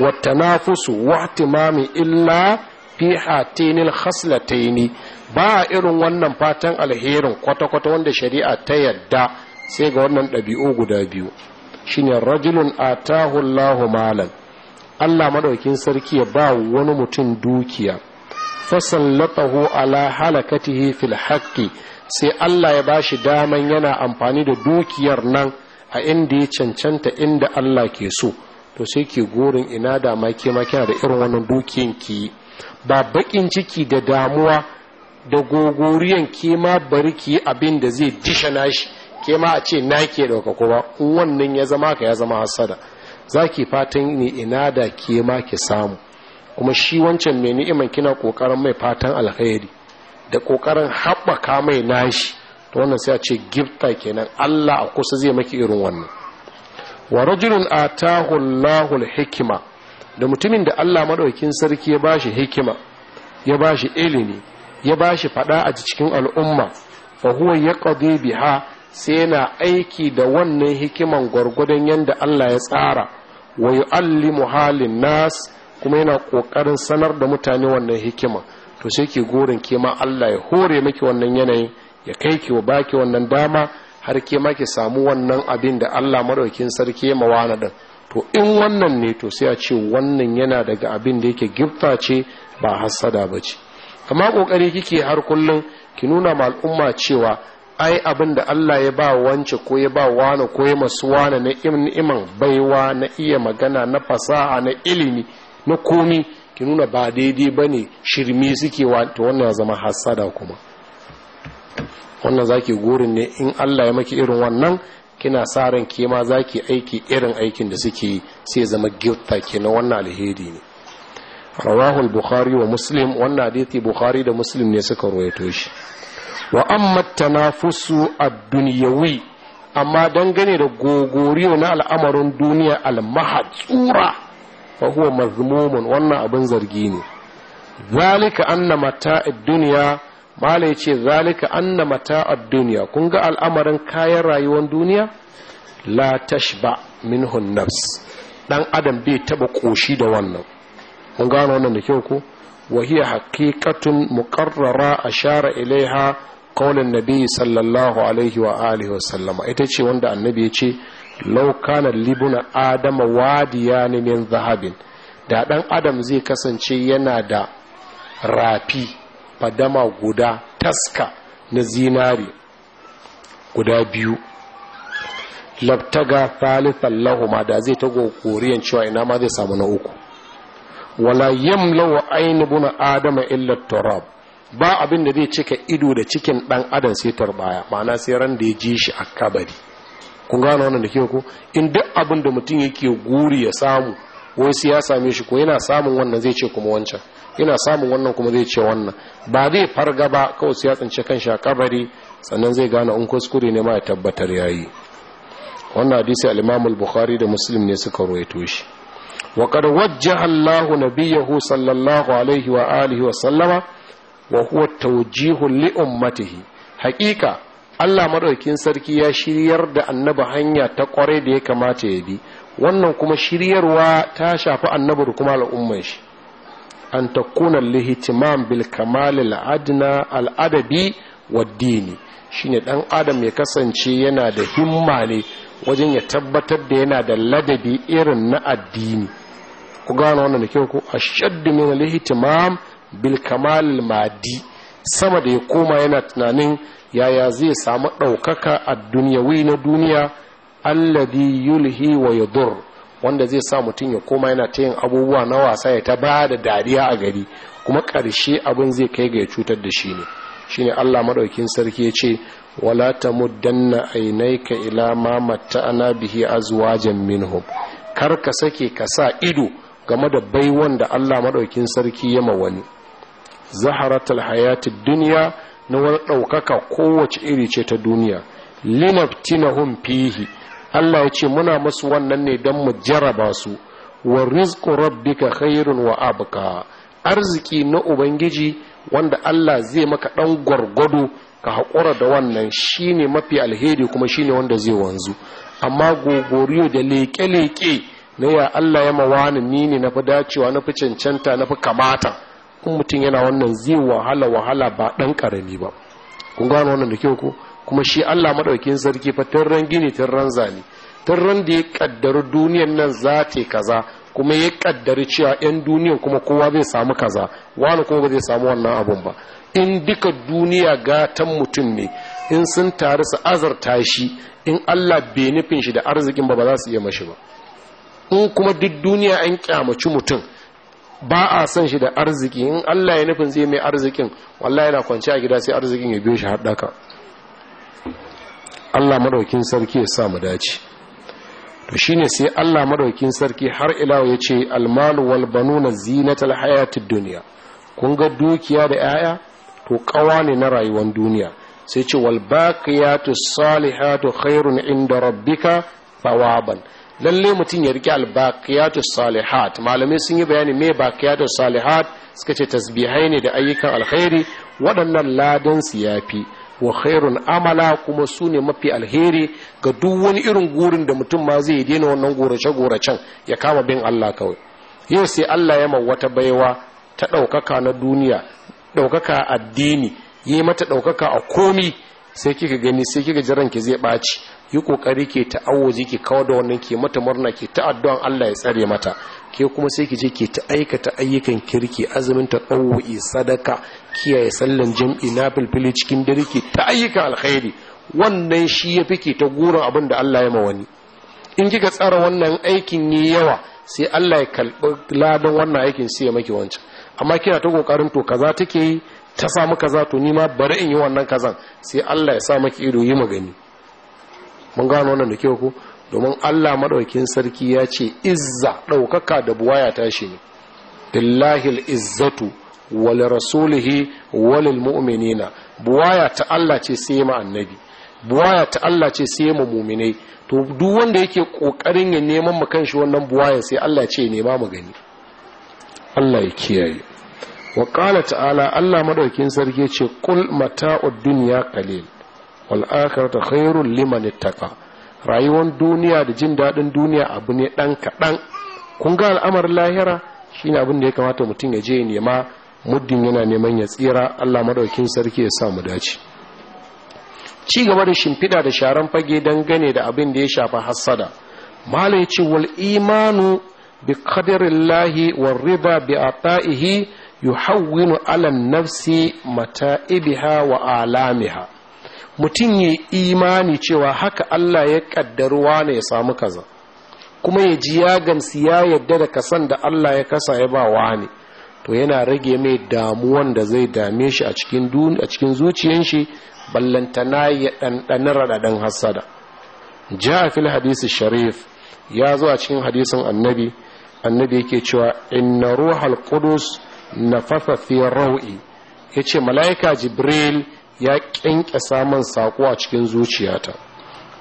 wa tanafusu wa timami illa fi hatinil khaslataini ba irin wannan fatan alherin kwata-kwata wanda shari'a ta yadda sai ga wannan ɗabi'u guda biyu shine rajulun atahu Allahu malan Allah madaukin sarki ya ba wani mutum dukiya fasallatahu ala halakatihi fil haqqi sai Allah ya bashi daman yana amfani da dukiyar nan a inda ya cancanta inda Allah ke so to sai ke gorin ina da ma da irin wannan dukiyan ki ba bakin ciki da damuwa da gogoriyan ke ma bari ki abin da zai dishe nashi ke ma a ce na ke dauka kuma wannan ya zama ka ya zama hasada zaki fatan ne ina da ke ma ki samu kuma shi wancan mai ni'iman kina kokarin mai fatan alkhairi da kokarin haɓaka mai nashi to wannan sai a ce gifta kenan Allah a kusa zai maki irin wannan wa rajulun atahu al hikima da mutumin da Allah madaukin sarki ya bashi hikima ya bashi ilimi ya bashi fada a cikin al'umma fa huwa yaqdi biha sai yana aiki da wannan hikiman gwargwadon yadda Allah ya tsara wa yu'allimu halin nas kuma yana kokarin sanar da mutane wannan hikima to sai ke gorin ke Allah ya hore miki wannan yanayin ya kai ki wa baki wannan dama har ke ma ki samu wannan abin da Allah madaukin sarki ya mawana din to in wannan ne to sai a ce wannan yana daga abin da yake gifta ce ba hasada ba ce amma kokari kike har kullum ki nuna ma al'umma cewa ai abin da Allah ya ba wance ko ya ba wani ko ya masu wani na ni'iman baiwa na iya magana na fasaha na ilimi na komi ki nuna ba daidai ba ne shirme suke ta wannan ya zama hasada kuma wannan zaki gurin ne in Allah ya maki irin wannan kina sa ran ke ma zaki aiki irin aikin da suke sai zama gifta na wannan alheri ne rawahul bukhari wa muslim wannan hadisi bukhari da muslim ne suka rawaito shi wa amma tanafusu ad-dunyawi amma dangane da gogoriyo na al'amarin duniya al-mahatsura fa huwa mazmumun wannan abin zargi ne zalika anna mata'id dunya mala ya ce zalika anna a duniya kun ga al'amarin kayan rayuwar duniya la tashba minhun nafs dan adam bai taba koshi da wannan kun gano wannan da kyau ko wa hiya haqiqatun muqarrara ashara ilaiha qaulun nabi sallallahu alaihi wa alihi wa sallama ita ce wanda annabi ya ce law kana libuna adama wadiyan min zahabin da dan adam zai kasance yana da rafi fadama guda taska na zinari guda biyu labtaga thalithan lahuma da zai ta gokoriyan cewa ina ma zai samu na uku wala yamlawa aini buna adama illa turab ba abin da zai cika ido da cikin dan adam sai tarbaya ma'ana sai ran da ya ji shi a kabari kun gano wannan da ke ko in duk abin da mutum yake guri ya samu wai sai ya same shi ko yana samun wannan zai ce kuma wancan Ina samun wannan kuma zai ce wannan ba zai farga ba kawai su ya tsince kan shakabari sannan zai gane in kuskure ne ma ya tabbatar yayi wannan hadisi al-Imam bukhari da Muslim ne suka ruwaito shi wa qad wajjaha Allahu nabiyahu sallallahu alaihi wa alihi wa sallama wa huwa tawjihu li ummatihi haqiqa Allah madaukakin sarki ya shiryar da annabi hanya ta kware da ya kamata ya bi wannan kuma shiryarwa ta shafi annabi da kuma al'ummar shi an takuna lihitimam bil kamal al al’adabi wa dini shi dini ɗan adam ya kasance yana da himma ne wajen ya tabbatar da yana da ladabi irin na addini ku gano wannan da kyau ku a min mai lihitiman bil madi sama da ya koma yana tunanin yaya zai samu ɗaukaka a duniyawi na duniya alladi yulhi wa yadur wanda zai sa mutum ya koma yana ta yin abubuwa na wasa ya ta ba da dariya a gari kuma ƙarshe abin zai kai ga ya cutar da shi ne shi ne allah maɗaukin sarki ya ce wala ta muddanna ka ila ma ana bihi azwajan minhum kar ka sake ka sa ido game da baiwan da allah maɗaukin sarki ya ma wani zaharatul hayatid duniya na wani ɗaukaka kowace iri ce ta duniya linaftinahum fihi Allah ya ce muna masu wannan ne don mu jaraba su wa rizqu rabbika khairun wa abqa arziki na ubangiji wanda Allah zai maka dan gwargwado ka haƙura da wannan shine mafi alheri kuma shine wanda zai wanzu amma gogoriyo da leƙe-leƙe na ya Allah ya mawani ni ne na fi dacewa na fi cancanta na fi kamata Kun mutum yana wannan zai wahala wahala ba ɗan ƙarami ba kun gano wannan da kyau ko kuma shi Allah madaukin sarki fa tirran gini tirran zani tirran da ya kaddari duniyan nan za ta kaza kuma ya ƙaddari cewa yan duniyan kuma kowa zai samu kaza wani kuma zai samu wannan abun ba in duka duniya gatan mutum ne in sun taru su azarta shi in Allah bai nufin shi da arzikin ba ba za su iya mashi ba in kuma duk duniya an kyamaci mutum ba a son shi da arziki in Allah ya nufin zai mai arzikin wallahi na kwanci a gida sai arzikin ya biyo shi haɗaka Allah madaukin sarki ya sa mu dace to shine sai Allah maɗaukin sarki har ila ya ce almalu wal banuna zinatal hayatid dunya kun ga dukiya da yaya to kawa ne na rayuwar duniya sai ce wal baqiyatu salihatu khairun inda rabbika thawaban lalle mutum ya rike albaqiyatu salihat malamai sun yi bayani me baqiyatu salihat suka ce tasbihai ne da ayyukan alkhairi waɗannan ladan su yafi wa khairun amala kuma su ne mafi alheri ga duk wani irin gurin da mutum ma zai daina wannan gorace-goracen ya kama bin Allah kawai yau sai Allah ya wata baiwa ta ɗaukaka na duniya ɗaukaka addini yi mata ɗaukaka a komi sai kika gani sai kika jiran ki zai ɓaci yi ƙoƙari ke ta ta'awoji ki kawo da wannan ke mata murna ke ta addu'an Allah ya tsare mata ke kuma sai ki je ki ta aikata ayyukan kirki azumin ta ɗauwa'i sadaka kiyaye sallan jam'i na filfili cikin dare ta ayyukan alkhairi wannan shi ya fi ki ta gurin abin da Allah ya ma wani in kika tsara wannan aikin yi yawa sai Allah ya kalbi ladan wannan aikin sai ya maki wancan amma kina ta kokarin to kaza take yi ta samu kaza to nima bari in yi wannan kazan sai Allah ya sa maki ido yi magani mun gano wannan da kyau ko domin Allah maɗaukin sarki ya ce izza ɗaukaka da buwaya ta shi ne lillahi izzatu wal rasulihi walil mu'minina buwaya ta Allah ce sai mu annabi buwaya ta Allah ce sai mu mu'minai to duk wanda yake ƙoƙarin ya neman mu kanshi wannan buwayan sai Allah ce nema mu gani Allah ya kiyaye wa qala ta'ala Allah madaukin sarki ce qul mata'ud dunya qalil wal akhiratu khairul liman ittaqa rayuwar duniya da jin daɗin duniya abu ne ɗan kaɗan kun ga al'amarin lahira ne abin da ya kamata mutum ya je ya nema muddin yana neman ya tsira Allah madaukin sarki ya sa mu dace ci gaba da shimfiɗa da sharan fage dangane da abin da ya shafa hassada malai ce wal imanu bi lahi war riba bi ata'ihi yuhawwinu ala nafsi mata'ibiha wa alamiha mutum ya imani cewa haka Allah ya kaddaruwa ne ya samu kaza kuma ya ji ya gamsu ya yadda da kasan da Allah ya kasa ya ba wa to yana rage mai damuwan da zai dame shi a cikin a cikin zuciyar shi ballantana ya ɗanɗani raɗaɗin hassada ja fil hadisi sharif ya zo a cikin hadisin annabi annabi yake cewa inna ruhal qudus nafafa fi rawi yace malaika jibril ya ƙyanƙyasa samun saƙo a cikin zuciyata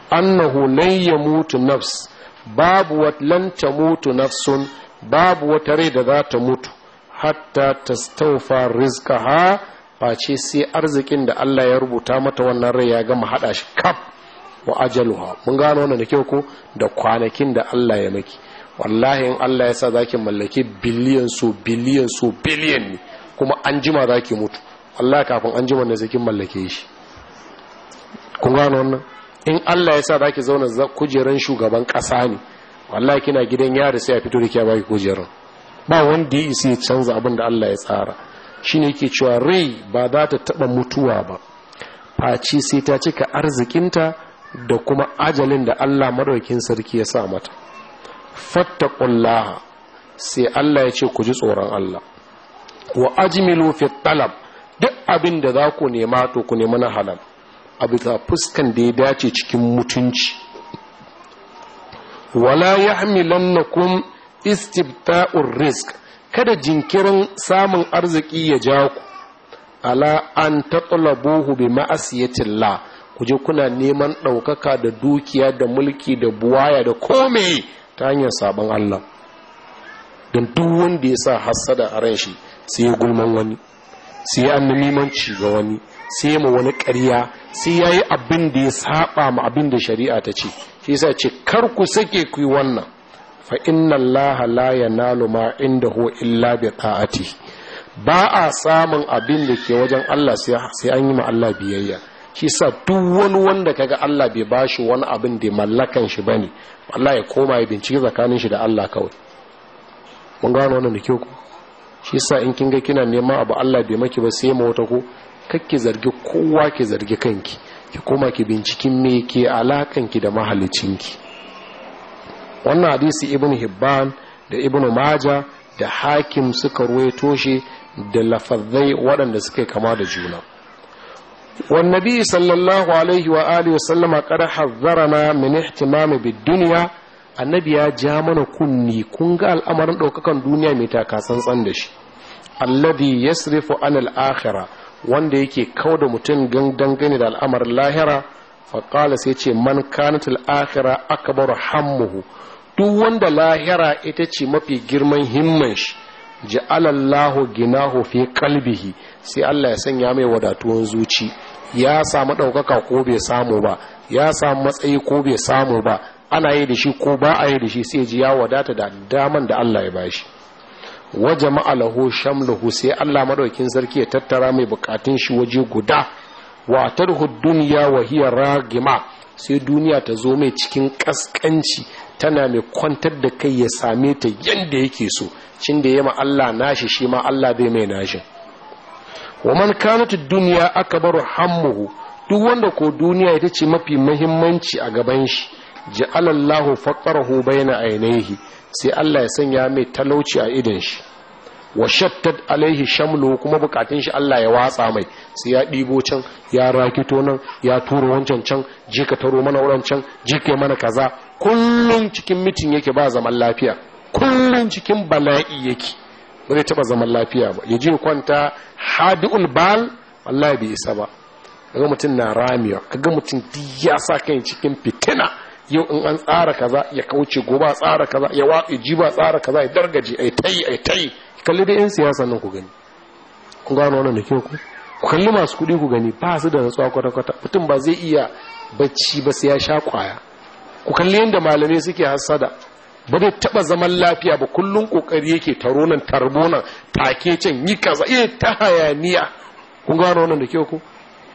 annahu lan ya mutu nafs babu wat lan ta mutu nafsun babu wata rai da za ta mutu hatta ta tastaufa rizqaha face sai arzikin da Allah ya rubuta mata wannan rai ya gama hada shi kaf wa ajaluha mun gano wannan da kyau ko da kwanakin da Allah ya maki wallahi in Allah ya sa zaki mallaki biliyan su biliyan su biliyan ne kuma an jima zaki mutu Allah kafin an jima ne sai kin mallake shi kun gano wannan in Allah ya sa zaki zauna kujeran shugaban ƙasa ne wallahi kina gidan yari sai a fito da kiya baki kujeran ba wanda ya isa ya canza abin da Allah ya tsara shine yake cewa rai ba za ta taba mutuwa ba Faci sai ta cika arzikinta da kuma ajalin da Allah madaukin sarki ya sa mata fattaqullaha sai Allah ya ce ku ji tsoron Allah wa ajmilu fi talab duk abin da za ku nema to ku nema na halal a bisa fuskan da ya dace cikin mutunci wala ya yahmilannakum istibta'un risk kada jinkirin samun arziki ya ja ku ala an tatlabuhu bi la ku je kuna neman ɗaukaka da dukiya da mulki da buwaya da kome ta hanyar sabon Allah don duk wanda ya sa hassada a ran shi sai ya gulman wani sai ya limanci ga wani sai ma wani ƙarya sai ya yi abin da ya saba ma abin da shari'a ta ce shi sa ce kar ku sake ku wannan fa inna allaha la yanalu ma inda ho illa bi ta'ati ba a samun abin da ke wajen Allah sai an yi ma Allah biyayya shi sa duk wani wanda kaga Allah bai bashi wani abin da mallakan shi bane Allah ya koma ya bincike tsakanin shi da Allah kawai mun gano wannan da kyau shi yasa in kinga kina neman abu Allah bai maki ba sai ma wata ko kakki zargi kowa ki zargi kanki ki koma ki binciken me ke alakan ki da ki wannan hadisi ibnu hibban da ibnu maja da hakim suka ruwaito shi da lafazai waɗanda suka kama da juna sallallahu alaihi wa alihi wa sallama وسلم hazzarana min ihtimami bid-dunya annabi ya ja mana kunni kun ga al'amarin ɗaukakan duniya mai tsantsan da shi alladhi yasrifu anil akhirah wanda yake kauda mutum dangane da al'amarin lahira qala sai ce man kanatul akhirah akbar hammuhu duk wanda lahira ita ce mafi girman himman shi ja'alallahu ginahu fi qalbihi sai Allah ya sanya mai wadatuwan zuci ya samu ɗaukaka ko bai samu ba ya samu matsayi ko bai samu ba ana yi da shi ko ba a yi da shi sai ji ya wadata da daman da Allah ya bashi wa jama'a lahu shamluhu sai Allah madaukin sarki ya tattara mai bukatun shi waje guda wa tarhu dunya wa hiya ragima sai duniya ta zo mai cikin kaskanci tana mai kwantar da kai ya same ta yanda yake so cin da yema Allah nashi shi ma Allah bai mai nashi wa man kanat dunya akbaru hammuhu duk wanda ko duniya ita ce mafi muhimmanci a gaban shi ja'alallahu faqarahu bayna ainihi sai Allah ya sanya mai talauci a idan shi wa shattad alaihi shamlu kuma bukatun shi Allah ya watsa mai sai ya ɗibo can ya rakito nan ya turo wancan can je ka taro mana wurin can je ka mana kaza kullum cikin mitin yake ba zaman lafiya kullum cikin bala'i yake ba zai taba zaman lafiya ba ya je kwanta hadiul bal wallahi bai isa ba kaga mutum na ramiya ga mutum duk ya sa kai cikin fitina yau in an tsara kaza ya kauce gobe a tsara kaza ya watsi jiba tsara kaza ya dargaje ai tai ai tai kalli da yan siyasa nan ku gani ku gano wannan da kyau ku ku kalli masu kuɗi ku gani ba su da natsuwa kwata kwata mutum ba zai iya bacci ba sai ya sha kwaya ku kalli yadda malamai suke hassada ba zai taba zaman lafiya ba kullum kokari yake taro nan tarbo nan take can yi kaza iya eh, ta hayaniya kun gano wannan da kyau ku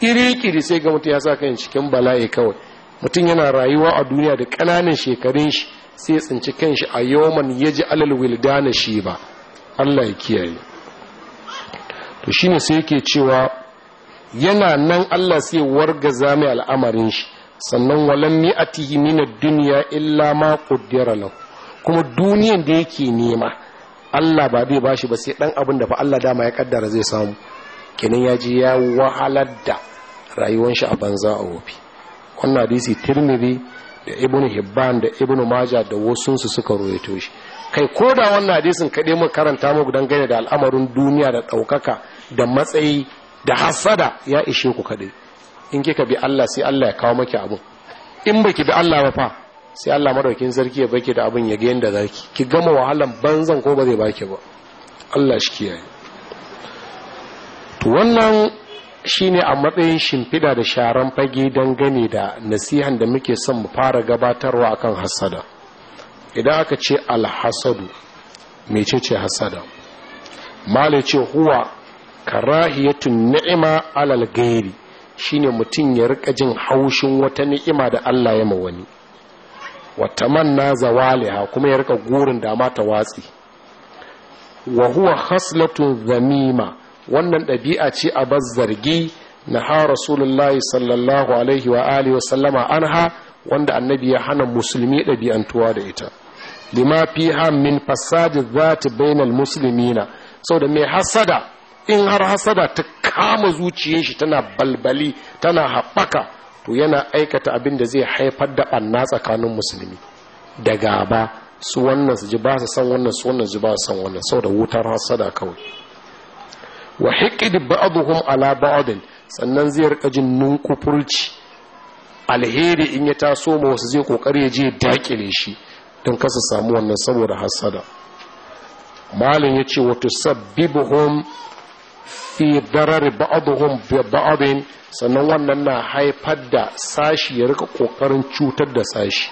iri kiri sai ga mutum ya sa kan cikin bala'i kawai mutum yana rayuwa a duniya da ƙananan shekarun shi sai tsinci kanshi a yoman ya ji alal wildana shi ba allah ya kiyaye to shi ne sai yake cewa yana nan allah sai warga zame al'amarin shi sannan walan a min na duniya illa ma kudera lau kuma duniyan da yake nema Allah ba zai bashi ba sai dan abin da fa Allah dama ya kaddara zai samu kenan ya ji ya wahalar da rayuwan shi a banza a wofi wannan hadisi tirmidhi da ibnu hibban da ibnu maja da su suka rawaito shi kai ko da wannan hadisin kaɗai mu karanta muku gane da al'amarin duniya da ɗaukaka da matsayi da hasada ya ishe ku kaɗai in kika bi Allah sai Allah ya kawo maki abu. in baki bi Allah ba fa sai Allah madaukin sarki ya baki da abin ya ga yanda zaki ki gama wahalan banzan ko ba zai baki ba Allah shi kiyaye to wannan shine a matsayin shimfiɗa da sharan fage don gane da nasihan da muke son mu fara gabatarwa akan hasada idan aka ce alhasadu ce hasada mala ce huwa karahiyatun ni'ima alal gairi shine mutum ya rika jin haushin wata ni'ima da Allah ya mawani wata manna zawaliha kuma ya rika gurin dama ta watsi wa huwa haslatun zamima wannan ɗabi'a ce a zargi na ha rasulullahi sallallahu alaihi wa alihi wasallama ha, wanda annabi ya hana musulmi ɗabi'antuwa da ita lima ha min fasadi zati bainal muslimina da mai hasada in har hasada ta kama zuciyar shi tana balbali tana haɓaka to yana aikata abin da zai haifar da ɓanna tsakanin musulmi da gaba su wannan su ji ba su san wannan su wannan su ba su san wannan sau da wutar hasada kawai wa hiqid ba'dhum ala ba'adin, sannan zai rika jin nunkufurci alheri in ya taso ma wasu zai kokari ya je dakile shi don kasa samu wannan saboda hasada malin ce wato tusabbibuhum fi darar ba'aduhum ba'adin sannan wannan na haifar da sashi ya rika kokarin cutar da sashi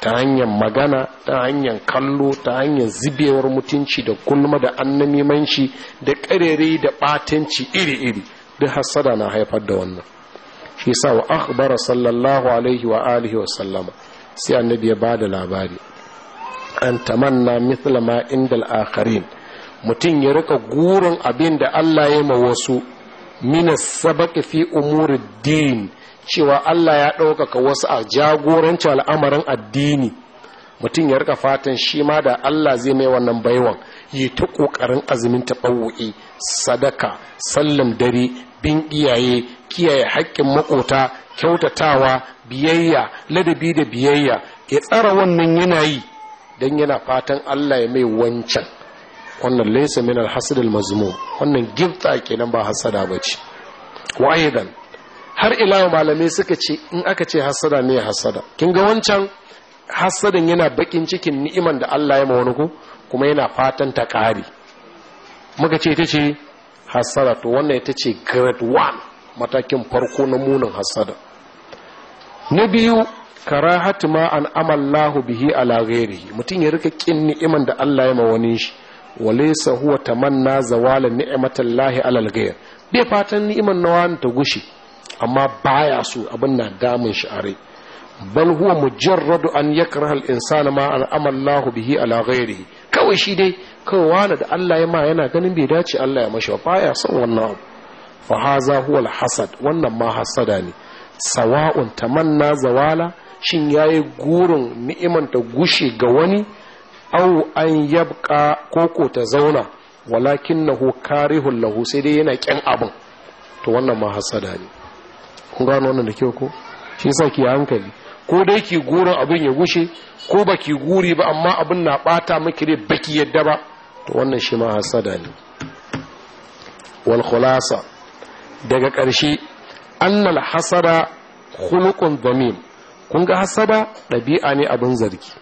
ta hanyar magana ta hanyar kallo ta hanyar zubewar mutunci da kulma da annamimanci da karere da batanci iri-iri duk hasada na haifar da wannan shi sa wa akhbara sallallahu alaihi wa alihi wa sallama sai annabi ya bada labari an tamanna mithla ma indal akharin mutum ya rika gurin abin da Allah ya ma wasu minas sabaqi fi umuri din cewa Allah ya ɗaukaka wasu a jagoranci al'amarin addini mutum ya rika fatan shi ma da Allah zai mai wannan baiwan yi ta ƙoƙarin azumin taɓawu'i sadaka sallan dare bin iyaye kiyaye haƙƙin makota kyautatawa biyayya ladabi da biyayya ya tsara wannan yanayi don yana fatan Allah ya mai wancan wannan laysa min al-hasad al-mazmum wannan gifta kenan ba hasada ba ce. aidan har ila malamai suka ce in aka ce hasada ne hasada kin ga wancan hasadin yana bakin cikin ni'iman da Allah ya wani ku kuma yana fatan ta ƙari muka ce ita ce hasada to wannan ita ce grade 1 matakin farko na munin hasada na biyu karahatu ma an amallahu bihi ala ghairihi mutum ya rika kin ni'iman da Allah ya wani shi walaysa huwa tamanna zawala ni'matallahi alal ghair bai fatan ni'iman wani ta gushi amma baya so abin na damun shi are bal huwa mujarradu an yakraha al-insana ma al'amal Allah bihi ala ghairihi kawai shi dai kawai wani da Allah ya ma yana ganin bai dace Allah ya mashi ba ya son wannan abu fa haza huwa al-hasad wannan ma hasada ne sawa'un tamanna zawala shin yayi gurin ni'iman ta gushe ga wani au an yabqa koko ta zauna walakinahu karihul lahu sai dai yana kyan abin to wannan ma hasada ne kun gano wannan da kyau ko shi yasa ki hankali ko dai ki gurin abin ya gushe ko ba ki guri ba amma abin na bata miki dai baki yadda ba to wannan shi ma hasada ne wal khulasa daga ƙarshe annal hasada khuluqun dhamim kun ga hasada ɗabi'a ne abin zargi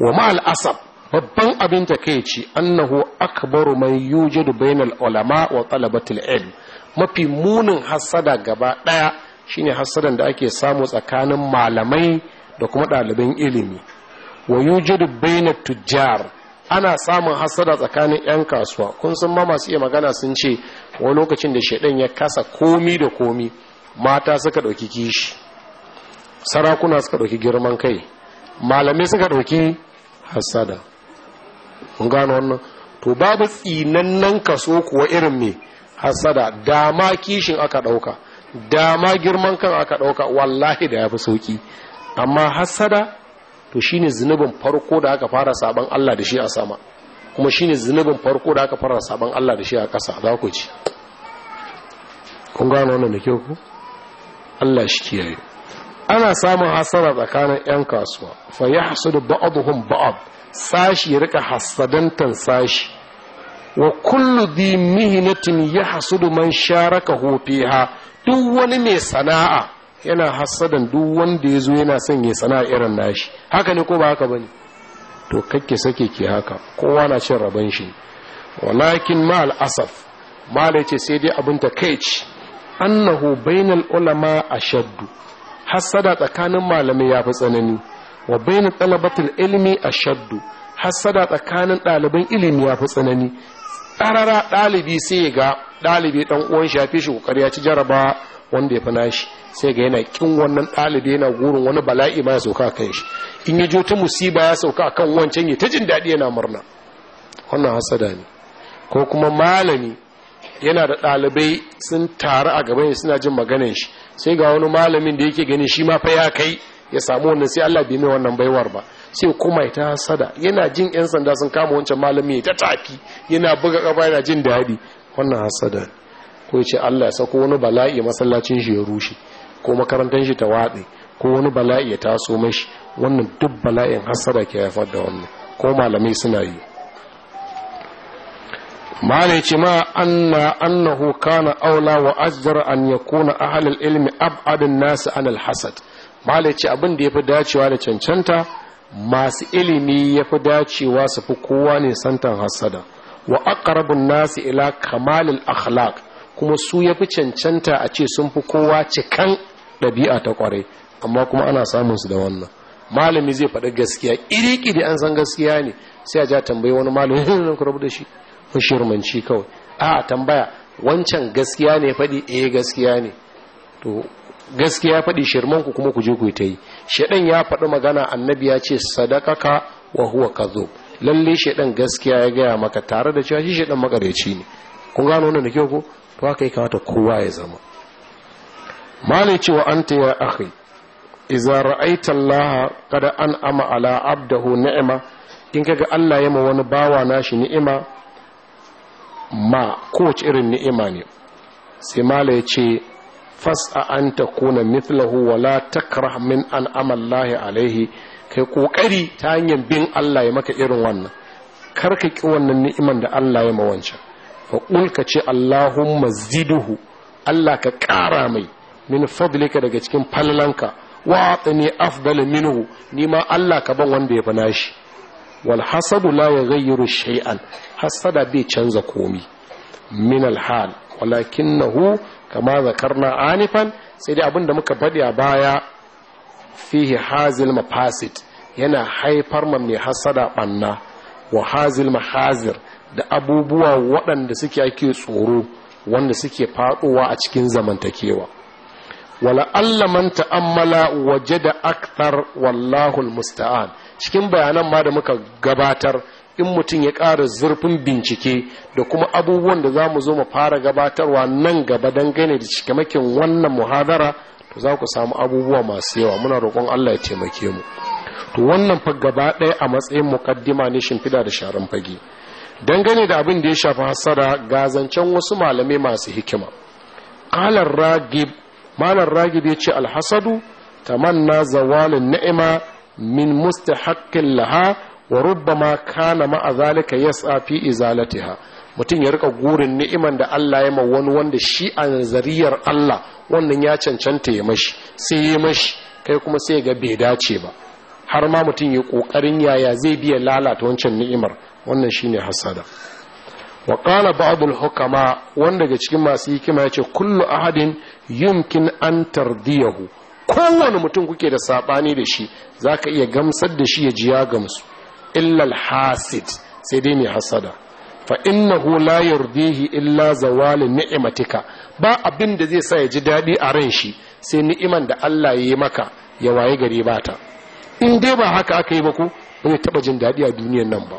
wa ma'al asab babban abin ta kai ce annahu akbaru man yujadu bainal ulama wa al ilm mafi munin hasada gaba daya Shi ne hassadan da ake samu tsakanin malamai da kuma ɗaliban ilimi wa yujidu baina tujjar ana samun hassada tsakanin 'yan kasuwa kun sun ma masu iya magana sun ce wani lokacin da shaidan ya kasa komi da komi mata suka ɗauki kishi sarakuna suka ɗauki girman kai malamai suka ɗauki hassada. kun gano wannan to babu tsinannen kaso kuwa irin mai hassada. dama kishin aka ɗauka dama girman kan aka ɗauka wallahi da ya fi sauƙi amma hasada to shi ne zunubin farko da aka fara saban Allah da shi a sama kuma shi ne zunubin farko da aka fara saban Allah da shi a ƙasa za ku ci kun gano wannan da kyau ku Allah shi kiyaye ana samun hasara tsakanin 'yan kasuwa fa yahsudu ba'dhum ba'ad sashi ya rika hasadantan sashi wa kullu dhi mihnatin yahsudu man sharakahu fiha duk wani mai sana'a yana hassadan duk wanda ya zo yana son ya sana'a irin nashi haka ne ko ba haka ba ne to kakke sake ke haka kowa na cin rabon shi walakin ma al'asaf mala ce sai dai abin ta kai ci annahu bainal ulama a shaddu. hassada tsakanin malamai ya fi tsanani wa bainal talabatul ilmi shaddu. hassada tsakanin ɗaliban ilimi ya fi tsanani ƙarara ɗalibi sai ga ɗalibi ɗan uwan shi ya fi shi ya ci jaraba wanda ya fi shi sai ga yana kin wannan ɗalibi yana gurin wani bala'i ma ya sauka a kan shi in ya jo ta musiba ya sauka a kan wancan ya ta jin daɗi yana murna wannan hasada ne ko kuma malami yana da ɗalibai sun taru a gaban suna jin maganin shi sai ga wani malamin da yake gani shi ma fa ya kai ya samu wannan sai Allah bai mai wannan baiwar ba sai kuma ya ta sada yana jin yan sanda sun kama wancan malami ta tafi yana buga kafa yana jin daɗi wannan hasada ko ce Allah ya sako wani bala'i masallacin shi ya rushe ko makarantar shi ta waɗe ko wani bala'i ya taso mashi wannan duk bala'in hasada ke haifar da wannan ko malamai suna yi malai ce ma anna annahu kana aula wa ajdar an yakuna ahlul ilmi ab'adun nas an al hasad malai abin da yafi dacewa da cancanta masu ilimi ya fi dacewa su fi kowa ne santan hassada wa aqrabun nasi ila kamalil akhlaq kuma su ya fi cancanta a ce sun fi kowa cikan ɗabi'a ta kwarai amma kuma ana samun su da wannan malami zai faɗi gaskiya iriki da an san gaskiya ne sai a ja tambayi wani malami ne ku da shi mun shirmanci kawai a tambaya wancan gaskiya ne faɗi eh gaskiya ne to gaskiya faɗi shirman ku kuma ku je ku ta yi shedan ya faɗi magana annabi ya ce sadakaka wa huwa kazo lalle shedan gaskiya ya gaya maka tare da cewa shi shedan makareci ne kun gano wannan da kyau ko to haka ya kamata kowa ya zama malai cewa anta ya akhi idza ra'aita Allah qad an'ama ala abdahu ni'ma kin ga Allah ya ma wani bawa nashi ni'ima ma kowace irin ni'ima ne sai mala ya ce fas'a an kuna mithlahu wala takrah min an amallahi alaihi kai kokari ta hanyar bin Allah ya maka irin wannan kar ka ki wannan ni'iman da Allah ya mawancan. wancan ka ce Allahumma ziduhu Allah ka ƙara mai min fadlika daga cikin fallanka wa atni afdal minhu nima Allah ka ban wanda ya fi shi. wal hasadu la yughayyiru shay'an hasada bai canza komi min al hal walakinahu kama zakarna anifan sai dai abinda muka faɗi a baya fihi hazil mafasit yana haifar ma mai hasada ɓanna wa hazil mahazir da abubuwa waɗanda suke ake tsoro wanda suke faɗowa a cikin zamantakewa wala Allah man ta'ammala waje da aktar wallahul musta'an cikin bayanan ma da muka gabatar in mutum ya ƙara zurfin bincike da kuma abubuwan da za mu zo mu fara gabatarwa nan gaba dangane da cikamakin wannan muhadara to za ku samu abubuwa masu yawa muna roƙon Allah ya taimake mu to wannan fa gaba ɗaya a matsayin mukaddima ne shimfiɗa da sharan fage dangane da abin da ya shafi hasada gazancen wasu malamai masu hikima qalar ragib malar ragib yace alhasadu tamanna zawalin ni'ima min mustahaqqin laha wa rubbama kana ma'a zalika yas'a fi izalatiha mutum ya rika gurin ni'iman da Allah ya ma wani wanda shi a zariyar Allah wannan ya cancanta ya mashi sai ya mashi kai kuma sai ga bai dace ba har ma mutum ya kokarin yaya zai biya lalata wancan ni'imar wannan shine hasada wa qala ba'dul hukama wanda daga cikin masu hikima yace kullu ahadin yumkin an tardiyahu kowane mutum kuke da sabani da shi zaka iya gamsar da shi ya ji ya gamsu illal hasid sai dai mai hasada fa innahu la yurdihi illa zawal ni'matika ba abin da zai sa ya ji dadi a ran shi sai ni'iman da Allah ya yi maka ya waye gare ta. in dai ba haka aka yi ba ko ba zai taba jin dadi a duniyar nan ba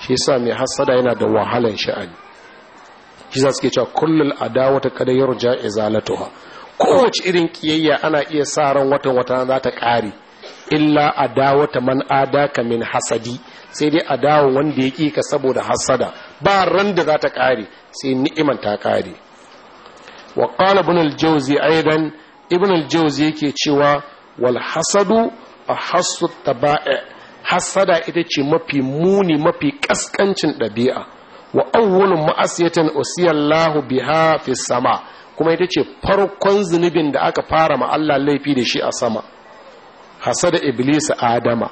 shi yasa mai hasada yana da wahalan sha'ani shi za su ke cewa kullul adawata kada yarja izalatuha kowace irin kiyayya ana iya sa ran watan wata za ta kare illa a dawo ta man adaka min hasadi sai dai a dawo wanda ya kika saboda hasada ba ran da za ta kare sai ni'iman ta kare wa qala ibn al-jawzi aidan ibn al-jawzi yake cewa wal hasadu ahassu taba'i hasada ita ce mafi muni mafi kaskancin ɗabi'a wa awwalu ma'asiyatan usiyallahu biha fi sama kuma ita ce farkon zunubin da aka fara ma Allah laifi da shi a sama hasada iblis adama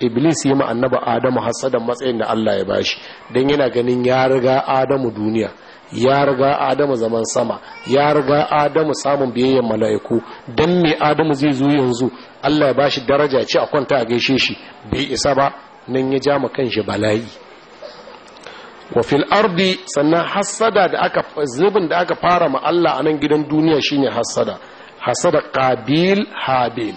iblis yi ma annaba adamu hasadan matsayin da Allah ya bashi don yana ganin ya riga adamu duniya ya riga adamu zaman sama ya riga adamu samun biyayyen mala'iku don me adamu zai zo yanzu Allah ya bashi daraja ce a kwanta a gaishe shi bai isa ba nan ya ja ma kanshi bala'i wa fil ardi sannan hasada da aka zubin da aka fara ma Allah a nan gidan duniya shine hasada hasada qabil habil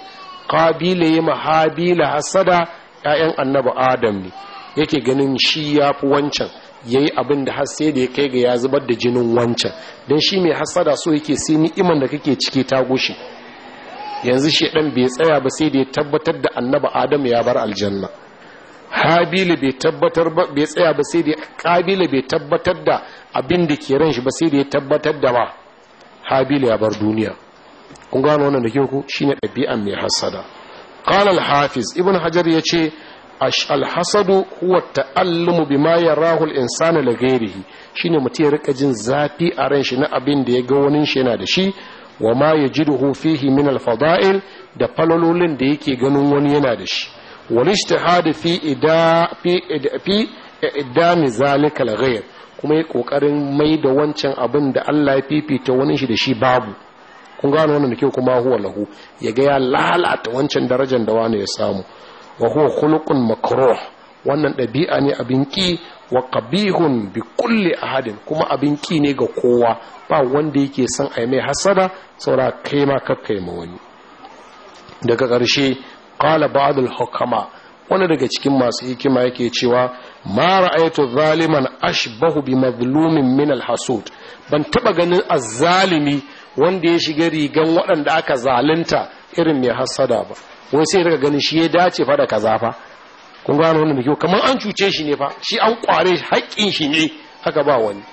kabila yi mahabila hasada ‘ya'yan annabi adam ne yake ganin shi ya fi wancan ya yi abin da har sai da ya kai ga ya zubar da jinin wancan don shi mai hasada so yake sai ni'iman da kake ciki ta gushi yanzu shi ɗan bai tsaya ba sai da ya tabbatar da annabi adam ya bar aljanna habila bai tabbatar ba bai tsaya ba sai da kabila bai tabbatar da abin da ke ran shi ba sai da ya tabbatar da ba habila ya bar duniya kun gano wannan da kyau ku shine ɗabi'an mai hasada qala al-hafiz ibn hajar yace al-hasadu huwa ta'allumu bima yarahu al-insanu li ghayrihi shine mutum ya rika jin zafi a ran shi na abin da ya ga wani shi yana da shi wa ma yajiduhu fihi min al-fada'il da falalolin da yake ganin wani yana da shi wal ijtihad fi ida fi fi idami zalika al-ghayr kuma ya kokarin mai da wancan abin da Allah ya fifita wani shi da shi babu kun gano wannan da kuma huwa lahu ya ga ya lalata wancan darajar da wani ya samu wa huwa khuluqun makruh wannan ɗabi'a ne abin ki wa qabihun bi kulli ahadin kuma abin ki ne ga kowa ba wanda yake son ai mai hasada saura kai ma kakkai ma wani daga ƙarshe qala ba'd hukama wani daga cikin masu hikima yake cewa ma ra'aytu zaliman ashbahu bi mazlumin min al-hasud ban taba ganin azzalimi wanda ya shiga rigan waɗanda aka zalunta irin mai hasada ba wai sai daga ganin shi ya dace fa da kaza fa kun gano wannan kyau kamar an cuce shi ne fa shi an kware haƙƙin shi ne haka ba wani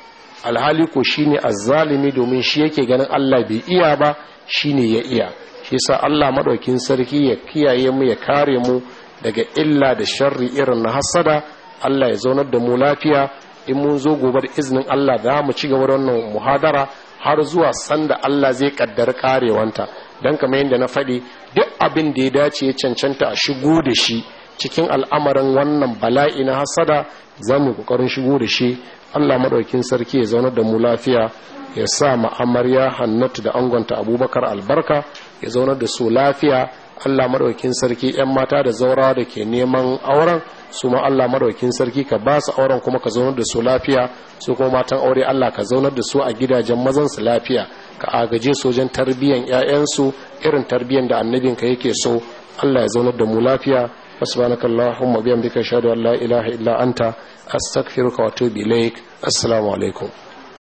alhali ko shine azzalimi domin shi yake ganin Allah bai iya ba shine ya iya shi yasa Allah madaukin sarki ya kiyaye mu ya kare mu daga illa da sharri irin na hasada Allah ya zaunar da mu lafiya in mun zo gobe da iznin Allah za mu ci gaba da wannan muhadara har zuwa sanda Allah zai kaddar karewanta don kamar yadda na faɗi duk abin da ya dace ya cancanta a shigo da shi cikin al'amarin wannan bala'i na hasada za mu kokarin shigo da shi Allah maɗaukin sarki ya zaunar da mu lafiya ya sa ma'amarya hannatu da angonta abubakar albarka ya zaunar da su lafiya Allah maɗaukin sarki 'yan mata da zaura da ke neman auren su ma Allah madaukin sarki ka ba su auren kuma ka zaunar da su lafiya su kuma matan aure Allah ka zaunar da su a gidajen mazan su lafiya ka agaje su wajen tarbiyyan ya'yansu irin tarbiyyan da annabin ka yake so Allah ya zaunar da mu lafiya subhanakallahumma bihamdika ashhadu an la ilaha illa anta astaghfiruka wa atubu ilaik assalamu alaikum